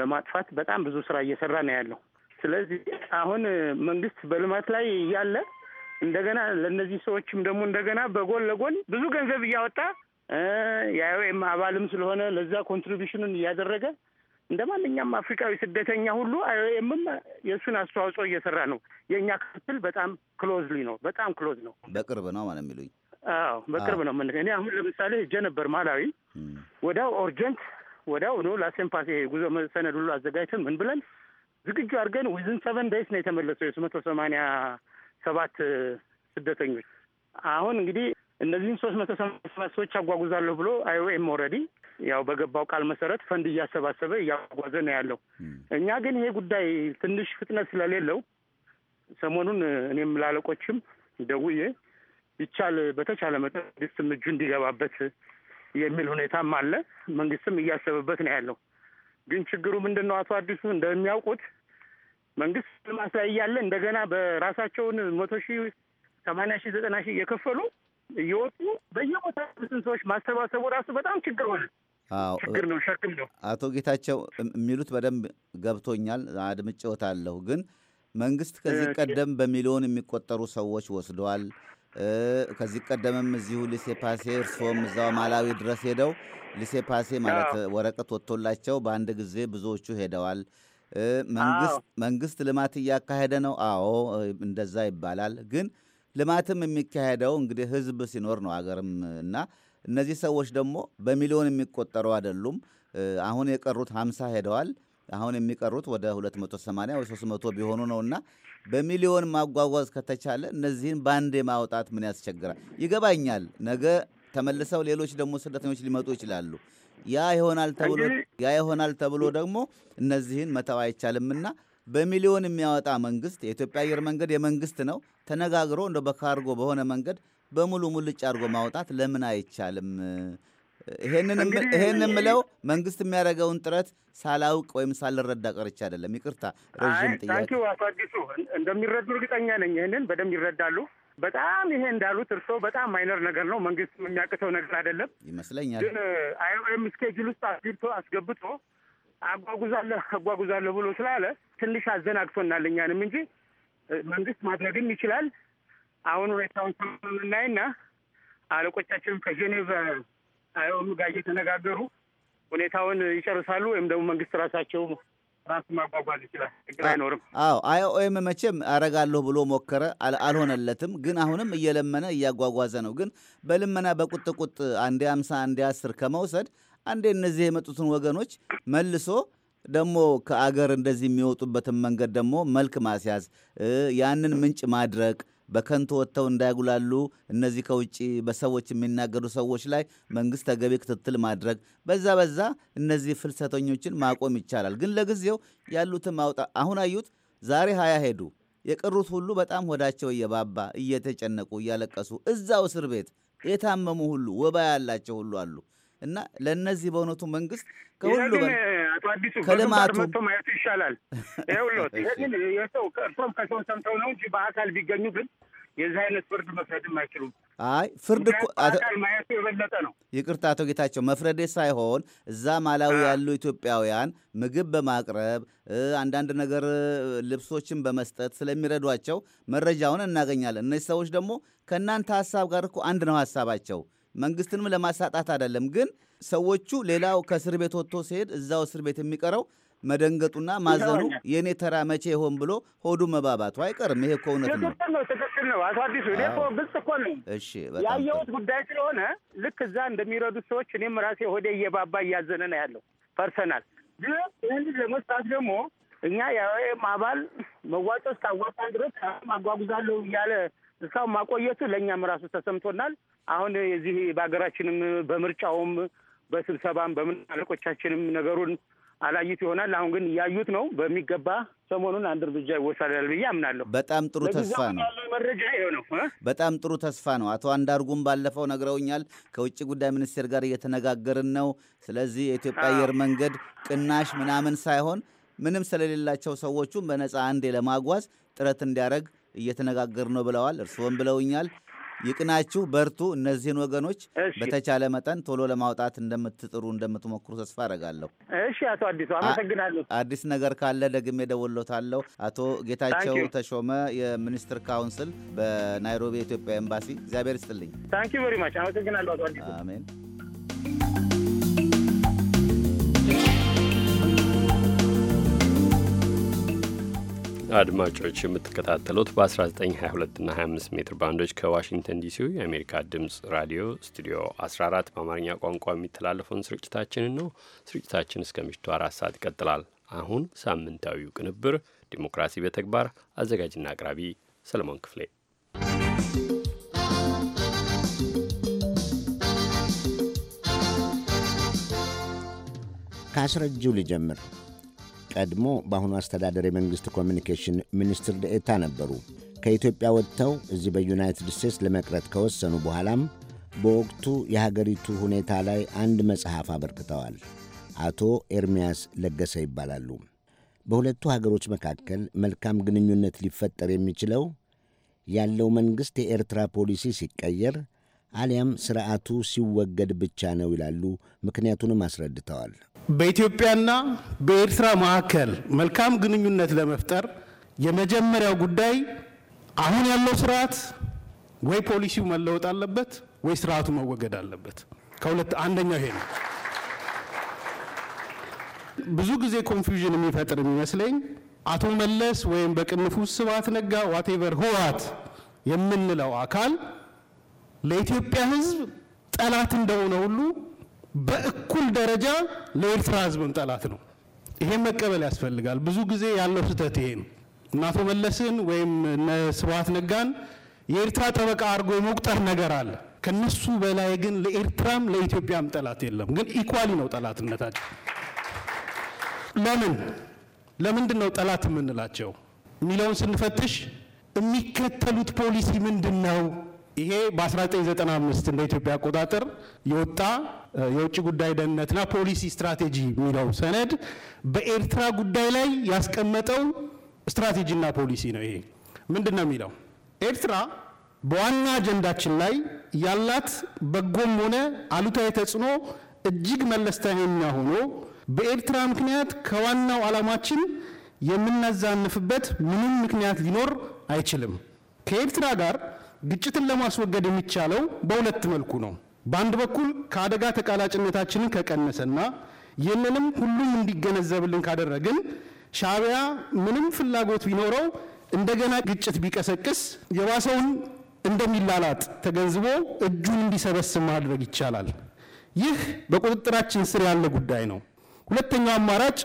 E: ለማጥፋት በጣም ብዙ ስራ እየሰራ ነው ያለው። ስለዚህ አሁን መንግስት በልማት ላይ እያለ እንደገና ለእነዚህ ሰዎችም ደግሞ እንደገና በጎን ለጎን ብዙ ገንዘብ እያወጣ የአይኦኤም አባልም ስለሆነ ለዛ ኮንትሪቢሽኑን እያደረገ እንደ ማንኛውም አፍሪካዊ ስደተኛ ሁሉ አይኦኤምም የእሱን አስተዋጽኦ እየሰራ ነው። የእኛ ክፍል በጣም ክሎዝሊ ነው፣ በጣም ክሎዝ ነው።
L: በቅርብ ነው ማለት የሚሉኝ።
E: አዎ በቅርብ ነው። ምን እኔ አሁን ለምሳሌ ሄጄ ነበር ማላዊ። ወዲያው ኦርጀንት ወዲያውኑ ለኤምባሲ ጉዞ ሰነድ ሁሉ አዘጋጅተን ምን ብለን ዝግጁ አድርገን ዊዝን ሰቨን ደይስ ነው የተመለሰው የሶስት መቶ ሰማንያ ሰባት ስደተኞች። አሁን እንግዲህ እነዚህን ሶስት መቶ ሰማኒያ ሰባት ሰዎች አጓጉዛለሁ ብሎ አይኦኤም ኦልሬዲ ያው በገባው ቃል መሰረት ፈንድ እያሰባሰበ እያጓጓዘ ነው ያለው። እኛ ግን ይሄ ጉዳይ ትንሽ ፍጥነት ስለሌለው ሰሞኑን እኔም ላለቆችም ደውዬ ይቻል በተቻለ መጠን መንግስትም እጁ እንዲገባበት የሚል ሁኔታም አለ። መንግስትም እያሰበበት ነው ያለው። ግን ችግሩ ምንድን ነው? አቶ አዲሱ እንደሚያውቁት መንግስት ልማት ላይ እያለ እንደገና በራሳቸውን መቶ ሺህ ሰማንያ ሺህ ዘጠና ሺህ እየከፈሉ እየወጡ በየቦታ ያሉትን ሰዎች ማሰባሰቡ ራሱ በጣም ችግር ሆነ።
L: ችግር ነው፣ ሸክም ነው። አቶ ጌታቸው የሚሉት በደንብ ገብቶኛል፣ አድምጬዎታለሁ። ግን መንግስት ከዚህ ቀደም በሚሊዮን የሚቆጠሩ ሰዎች ወስደዋል። ከዚህ ቀደምም እዚሁ ሊሴ ፓሴ እርስዎም እዛው ማላዊ ድረስ ሄደው ሊሴ ፓሴ ማለት ወረቀት ወጥቶላቸው በአንድ ጊዜ ብዙዎቹ ሄደዋል። መንግስት ልማት እያካሄደ ነው። አዎ እንደዛ ይባላል። ግን ልማትም የሚካሄደው እንግዲህ ህዝብ ሲኖር ነው አገርም እና እነዚህ ሰዎች ደግሞ በሚሊዮን የሚቆጠሩ አይደሉም። አሁን የቀሩት ሀምሳ ሄደዋል። አሁን የሚቀሩት ወደ 280 ወይ 300 ቢሆኑ ነውና በሚሊዮን ማጓጓዝ ከተቻለ እነዚህን በአንድ የማውጣት ምን ያስቸግራል? ይገባኛል። ነገ ተመልሰው ሌሎች ደግሞ ስደተኞች ሊመጡ ይችላሉ። ያ ይሆናል ተብሎ ያ ይሆናል ተብሎ ደግሞ እነዚህን መተው አይቻልምና በሚሊዮን የሚያወጣ መንግስት፣ የኢትዮጵያ አየር መንገድ የመንግስት ነው፣ ተነጋግሮ እንደ በካርጎ በሆነ መንገድ በሙሉ ሙልጭ አድርጎ ማውጣት ለምን አይቻልም? ይሄንን ምለው መንግስት የሚያደርገውን ጥረት ሳላውቅ ወይም ሳልረዳ ቀርቼ አይደለም። ይቅርታ ረዥም ጥያቄ። አቶ አዲሱ እንደሚረዱ እርግጠኛ ነኝ። ይህንን በደንብ ይረዳሉ። በጣም ይሄ እንዳሉት እርስዎ በጣም ማይነር ነገር ነው።
E: መንግስት የሚያቅተው ነገር አይደለም ይመስለኛል። ግን አይኦኤም ስኬጁል ውስጥ አስገብቶ አስገብቶ አጓጉዛለሁ አጓጉዛለሁ ብሎ ስላለ ትንሽ አዘናግቶናል እኛንም እንጂ መንግስት ማድረግም ይችላል። አሁን ሬታውን እናይና አለቆቻችን ከጄኔቭ ሳይሆኑ ጋር እየተነጋገሩ ሁኔታውን ይጨርሳሉ ወይም ደግሞ መንግስት ራሳቸው ራሱ ማጓጓዝ ይችላል። ችግር
L: አይኖርም። አዎ አይኦኤም መቼም አረጋለሁ ብሎ ሞከረ፣ አልሆነለትም። ግን አሁንም እየለመነ እያጓጓዘ ነው። ግን በልመና በቁጥቁጥ አንዴ አምሳ አንዴ አስር ከመውሰድ አንዴ እነዚህ የመጡትን ወገኖች መልሶ ደግሞ ከአገር እንደዚህ የሚወጡበትን መንገድ ደግሞ መልክ ማስያዝ፣ ያንን ምንጭ ማድረግ በከንቱ ወጥተው እንዳያጉላሉ እነዚህ ከውጭ በሰዎች የሚናገሩ ሰዎች ላይ መንግስት ተገቢ ክትትል ማድረግ በዛ በዛ እነዚህ ፍልሰተኞችን ማቆም ይቻላል። ግን ለጊዜው ያሉትን ማውጣ አሁን አዩት፣ ዛሬ ሀያ ሄዱ። የቀሩት ሁሉ በጣም ሆዳቸው እየባባ እየተጨነቁ እያለቀሱ እዛው እስር ቤት የታመሙ ሁሉ ወባ ያላቸው ሁሉ አሉ እና ለእነዚህ በእውነቱ መንግስት ከሁሉ
E: አቶ አዲሱ ከልማቱ መጥቶ ማየቱ ይሻላል። ይኸውልዎት ይሄ ግን የሰው ቀርቶም ከሰው ሰምተው ነው እንጂ በአካል ቢገኙ ግን የዚህ አይነት ፍርድ መፍረድም አይችሉም።
L: አይ ፍርድ እኮ
E: ማየቱ የበለጠ ነው።
L: ይቅርታ አቶ ጌታቸው መፍረዴ ሳይሆን እዛ ማላዊ ያሉ ኢትዮጵያውያን ምግብ በማቅረብ አንዳንድ ነገር ልብሶችን በመስጠት ስለሚረዷቸው መረጃውን እናገኛለን። እነዚህ ሰዎች ደግሞ ከእናንተ ሀሳብ ጋር እኮ አንድ ነው ሀሳባቸው። መንግስትንም ለማሳጣት አይደለም ግን ሰዎቹ ሌላው ከእስር ቤት ወጥቶ ሲሄድ እዛው እስር ቤት የሚቀረው መደንገጡና ማዘኑ የእኔ ተራ መቼ ይሆን ብሎ ሆዱ መባባቱ አይቀርም። ይሄ እኮ እውነት ነው። ትክክል
E: ነው። ትክክል ነው። አቶ አዲሱ እኔ እኮ ግልጽ እኮ ነው።
L: እሺ፣ ያየሁት
E: ጉዳይ ስለሆነ ልክ እዛ እንደሚረዱት ሰዎች እኔም ራሴ ሆዴ እየባባ እያዘነ ነው ያለው ፐርሰናል። ግን ይህንን ለመስራት ደግሞ እኛ የወይም አባል መዋጮ እስካዋጣን ድረስ አጓጉዛለሁ እያለ እስካሁን ማቆየቱ ለእኛም ራሱ ተሰምቶናል። አሁን የዚህ በሀገራችንም በምርጫውም በስብሰባም በምን አለቆቻችንም ነገሩን አላዩት ይሆናል። አሁን ግን እያዩት ነው። በሚገባ ሰሞኑን አንድ እርምጃ ይወሳላል ብዬ አምናለሁ።
L: በጣም ጥሩ ተስፋ ነው።
F: መረጃ ይኸው ነው።
L: በጣም ጥሩ ተስፋ ነው። አቶ አንዳርጉም ባለፈው ነግረውኛል፣ ከውጭ ጉዳይ ሚኒስቴር ጋር እየተነጋገርን ነው። ስለዚህ የኢትዮጵያ አየር መንገድ ቅናሽ ምናምን ሳይሆን ምንም ስለሌላቸው ሰዎቹም በነፃ አንዴ ለማጓዝ ጥረት እንዲያደረግ እየተነጋገር ነው ብለዋል። እርስዎም ብለውኛል። ይቅናችሁ፣ በርቱ። እነዚህን ወገኖች በተቻለ መጠን ቶሎ ለማውጣት እንደምትጥሩ እንደምትሞክሩ ተስፋ አደርጋለሁ።
E: እሺ አቶ አዲሱ
L: አመሰግናለሁ። አዲስ ነገር ካለ ደግሜ እደውልልዎታለሁ። አቶ ጌታቸው ተሾመ የሚኒስትር ካውንስል በናይሮቢ የኢትዮጵያ ኤምባሲ፣ እግዚአብሔር ይስጥልኝ። ታንኪ ቬሪ ማች አመሰግናለሁ አቶ አዲሱ። አሜን።
A: አድማጮች የምትከታተሉት በ1922 እና 25 ሜትር ባንዶች ከዋሽንግተን ዲሲው የአሜሪካ ድምፅ ራዲዮ ስቱዲዮ 14 በአማርኛ ቋንቋ የሚተላለፈውን ስርጭታችንን ነው። ስርጭታችን እስከ ምሽቱ አራት ሰዓት ይቀጥላል። አሁን ሳምንታዊው ቅንብር ዲሞክራሲ በተግባር አዘጋጅና አቅራቢ ሰለሞን ክፍሌ።
D: ከአስረጅው ልጀምር። ቀድሞ በአሁኑ አስተዳደር የመንግሥት ኮሚኒኬሽን ሚኒስትር ደኤታ ነበሩ። ከኢትዮጵያ ወጥተው እዚህ በዩናይትድ ስቴትስ ለመቅረት ከወሰኑ በኋላም በወቅቱ የሀገሪቱ ሁኔታ ላይ አንድ መጽሐፍ አበርክተዋል። አቶ ኤርሚያስ ለገሰ ይባላሉ። በሁለቱ ሀገሮች መካከል መልካም ግንኙነት ሊፈጠር የሚችለው ያለው መንግሥት የኤርትራ ፖሊሲ ሲቀየር አሊያም ሥርዓቱ ሲወገድ ብቻ ነው ይላሉ። ምክንያቱንም አስረድተዋል።
M: በኢትዮጵያና በኤርትራ መካከል መልካም ግንኙነት ለመፍጠር የመጀመሪያው ጉዳይ አሁን ያለው ስርዓት ወይ ፖሊሲው መለወጥ አለበት ወይ ስርዓቱ መወገድ አለበት። ከሁለት አንደኛው ይሄ ነው። ብዙ ጊዜ ኮንፊውዥን የሚፈጥር የሚመስለኝ አቶ መለስ ወይም በቅንፉ ስብሐት ነጋ ዋቴቨር ህወሓት የምንለው አካል ለኢትዮጵያ ሕዝብ ጠላት እንደሆነ ሁሉ በእኩል ደረጃ ለኤርትራ ህዝብም ጠላት ነው። ይሄን መቀበል ያስፈልጋል። ብዙ ጊዜ ያለው ስህተት ይሄ ነው እናቶ መለስን ወይም እነ ስብሀት ነጋን የኤርትራ ጠበቃ አድርጎ የመቁጠር ነገር አለ። ከነሱ በላይ ግን ለኤርትራም ለኢትዮጵያም ጠላት የለም። ግን ኢኳሊ ነው ጠላትነታቸው። ለምን ለምንድን ነው ጠላት የምንላቸው የሚለውን ስንፈትሽ የሚከተሉት ፖሊሲ ምንድን ነው? ይሄ በ1995 እንደ ኢትዮጵያ አቆጣጠር የወጣ የውጭ ጉዳይ ደህንነትና ፖሊሲ ስትራቴጂ የሚለው ሰነድ በኤርትራ ጉዳይ ላይ ያስቀመጠው ስትራቴጂና ፖሊሲ ነው። ይሄ ምንድን ነው የሚለው ኤርትራ በዋና አጀንዳችን ላይ ያላት በጎም ሆነ አሉታዊ ተጽዕኖ እጅግ መለስተኛ ሆኖ በኤርትራ ምክንያት ከዋናው ዓላማችን የምናዛንፍበት ምንም ምክንያት ሊኖር አይችልም። ከኤርትራ ጋር ግጭትን ለማስወገድ የሚቻለው በሁለት መልኩ ነው። በአንድ በኩል ከአደጋ ተቃላጭነታችንን ከቀነሰና ይህንንም ሁሉም እንዲገነዘብልን ካደረግን ሻቢያ ምንም ፍላጎት ቢኖረው እንደገና ግጭት ቢቀሰቅስ የባሰውን እንደሚላላጥ ተገንዝቦ እጁን እንዲሰበስብ ማድረግ ይቻላል። ይህ በቁጥጥራችን ስር ያለ ጉዳይ ነው። ሁለተኛው አማራጭ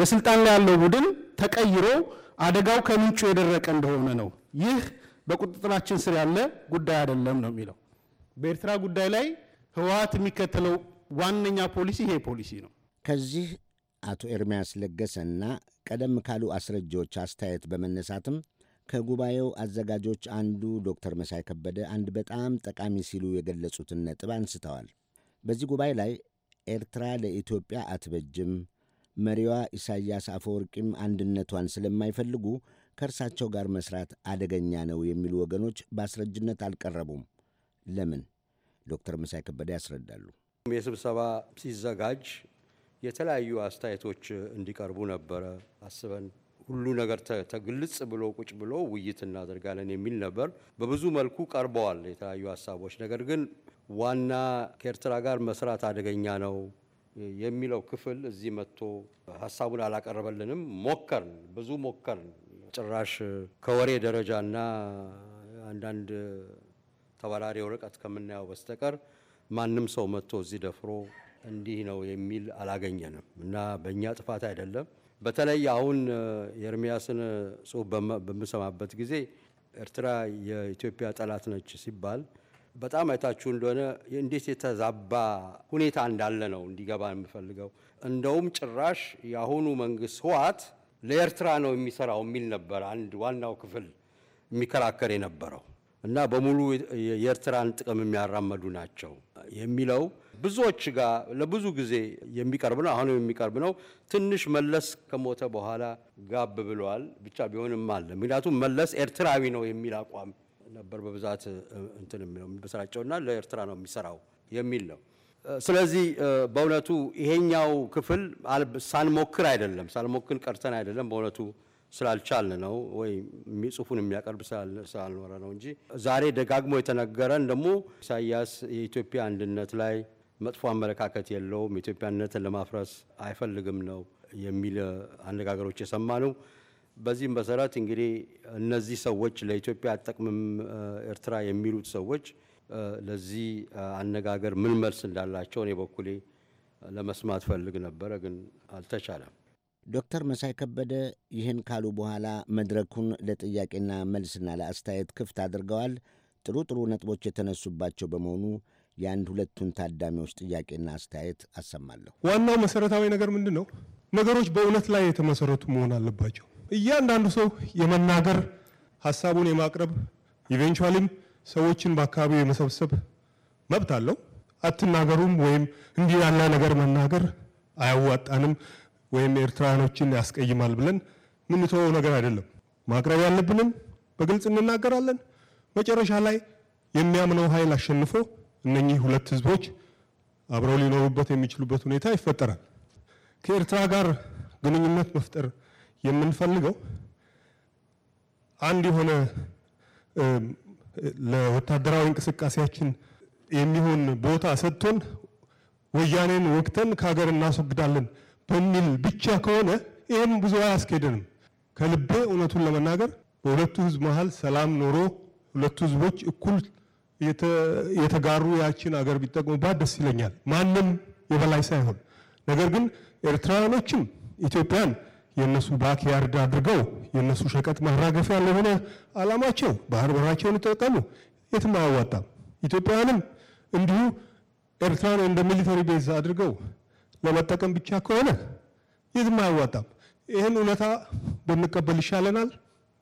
M: በስልጣን ላይ ያለው ቡድን ተቀይሮ አደጋው ከምንጩ የደረቀ እንደሆነ ነው። ይህ በቁጥጥራችን ስር ያለ ጉዳይ አይደለም ነው የሚለው። በኤርትራ ጉዳይ ላይ ህወሀት የሚከተለው ዋነኛ ፖሊሲ ይሄ ፖሊሲ ነው። ከዚህ አቶ
D: ኤርሚያስ ለገሰና ቀደም ካሉ አስረጃዎች አስተያየት በመነሳትም ከጉባኤው አዘጋጆች አንዱ ዶክተር መሳይ ከበደ አንድ በጣም ጠቃሚ ሲሉ የገለጹትን ነጥብ አንስተዋል። በዚህ ጉባኤ ላይ ኤርትራ ለኢትዮጵያ አትበጅም፣ መሪዋ ኢሳያስ አፈወርቂም አንድነቷን ስለማይፈልጉ ከእርሳቸው ጋር መስራት አደገኛ ነው የሚሉ ወገኖች በአስረጅነት አልቀረቡም። ለምን? ዶክተር መሳይ ከበደ ያስረዳሉ።
N: የስብሰባ ሲዘጋጅ የተለያዩ አስተያየቶች እንዲቀርቡ ነበረ አስበን ሁሉ ነገር ተግልጽ ብሎ ቁጭ ብሎ ውይይት እናደርጋለን የሚል ነበር። በብዙ መልኩ ቀርበዋል የተለያዩ ሀሳቦች። ነገር ግን ዋና ከኤርትራ ጋር መስራት አደገኛ ነው የሚለው ክፍል እዚህ መጥቶ ሀሳቡን አላቀረበልንም። ሞከርን፣ ብዙ ሞከርን። ጭራሽ ከወሬ ደረጃና አንዳንድ ተባራሪ ወረቀት ከምናየው በስተቀር ማንም ሰው መጥቶ እዚህ ደፍሮ እንዲህ ነው የሚል አላገኘንም እና በእኛ ጥፋት አይደለም። በተለይ አሁን የኤርሚያስን ጽሑፍ በምሰማበት ጊዜ ኤርትራ የኢትዮጵያ ጠላት ነች ሲባል በጣም አይታችሁ እንደሆነ እንዴት የተዛባ ሁኔታ እንዳለ ነው እንዲገባ የምፈልገው። እንደውም ጭራሽ የአሁኑ መንግስት ህወሓት ለኤርትራ ነው የሚሰራው የሚል ነበር አንድ ዋናው ክፍል የሚከራከር የነበረው። እና በሙሉ የኤርትራን ጥቅም የሚያራመዱ ናቸው የሚለው ብዙዎች ጋር ለብዙ ጊዜ የሚቀርብ ነው። አሁንም የሚቀርብ ነው። ትንሽ መለስ ከሞተ በኋላ ጋብ ብለዋል ብቻ ቢሆንም አለ። ምክንያቱም መለስ ኤርትራዊ ነው የሚል አቋም ነበር በብዛት እንትን የሚበስራቸውና ለኤርትራ ነው የሚሰራው የሚል ነው። ስለዚህ በእውነቱ ይሄኛው ክፍል ሳንሞክር አይደለም ሳንሞክር ቀርተን አይደለም በእውነቱ ስላልቻልን ነው ወይ ጽሁፉን የሚያቀርብ ስላልኖረ ነው እንጂ ዛሬ ደጋግሞ የተነገረን ደግሞ ኢሳያስ የኢትዮጵያ አንድነት ላይ መጥፎ አመለካከት የለውም፣ ኢትዮጵያነትን ለማፍረስ አይፈልግም ነው የሚል አነጋገሮች የሰማ ነው። በዚህም መሰረት እንግዲህ እነዚህ ሰዎች ለኢትዮጵያ አጠቅምም ኤርትራ የሚሉት ሰዎች ለዚህ አነጋገር ምን መልስ እንዳላቸው እኔ በኩሌ ለመስማት ፈልግ ነበረ፣ ግን አልተቻለም።
D: ዶክተር መሳይ ከበደ ይህን ካሉ በኋላ መድረኩን ለጥያቄና መልስና ለአስተያየት ክፍት አድርገዋል። ጥሩ ጥሩ ነጥቦች የተነሱባቸው በመሆኑ የአንድ ሁለቱን ታዳሚዎች ጥያቄና አስተያየት አሰማለሁ።
K: ዋናው መሰረታዊ ነገር ምንድን ነው? ነገሮች በእውነት ላይ የተመሰረቱ መሆን አለባቸው። እያንዳንዱ ሰው የመናገር ሀሳቡን የማቅረብ ኢቬንቹዋሊም ሰዎችን በአካባቢው የመሰብሰብ መብት አለው። አትናገሩም ወይም እንዲህ ያለ ነገር መናገር አያዋጣንም ወይም ኤርትራኖችን ያስቀይማል ብለን ምንተወው ነገር አይደለም። ማቅረብ ያለብንም በግልጽ እንናገራለን። መጨረሻ ላይ የሚያምነው ኃይል አሸንፎ እነኚህ ሁለት ህዝቦች አብረው ሊኖሩበት የሚችሉበት ሁኔታ ይፈጠራል። ከኤርትራ ጋር ግንኙነት መፍጠር የምንፈልገው አንድ የሆነ ለወታደራዊ እንቅስቃሴያችን የሚሆን ቦታ ሰጥቶን ወያኔን ወቅተን ከሀገር እናስወግዳለን በሚል ብቻ ከሆነ ይህም ብዙ አያስኬደንም። ከልቤ እውነቱን ለመናገር በሁለቱ ህዝብ መሀል ሰላም ኖሮ ሁለቱ ህዝቦች እኩል የተጋሩ ያችን አገር ቢጠቅሙባት ደስ ይለኛል፣ ማንም የበላይ ሳይሆን። ነገር ግን ኤርትራውያኖችም ኢትዮጵያን የእነሱ ባክያርድ አድርገው የእነሱ ሸቀጥ ማራገፊያ ለሆነ አላማቸው ባህር በራቸውን ይጠቀሙ፣ የትም አያዋጣም። ኢትዮጵያውያንም እንዲሁ ኤርትራን እንደ ሚሊተሪ ቤዝ አድርገው ለመጠቀም ብቻ ከሆነ የትም አያዋጣም። ይህን እውነታ ብንቀበል ይሻለናል።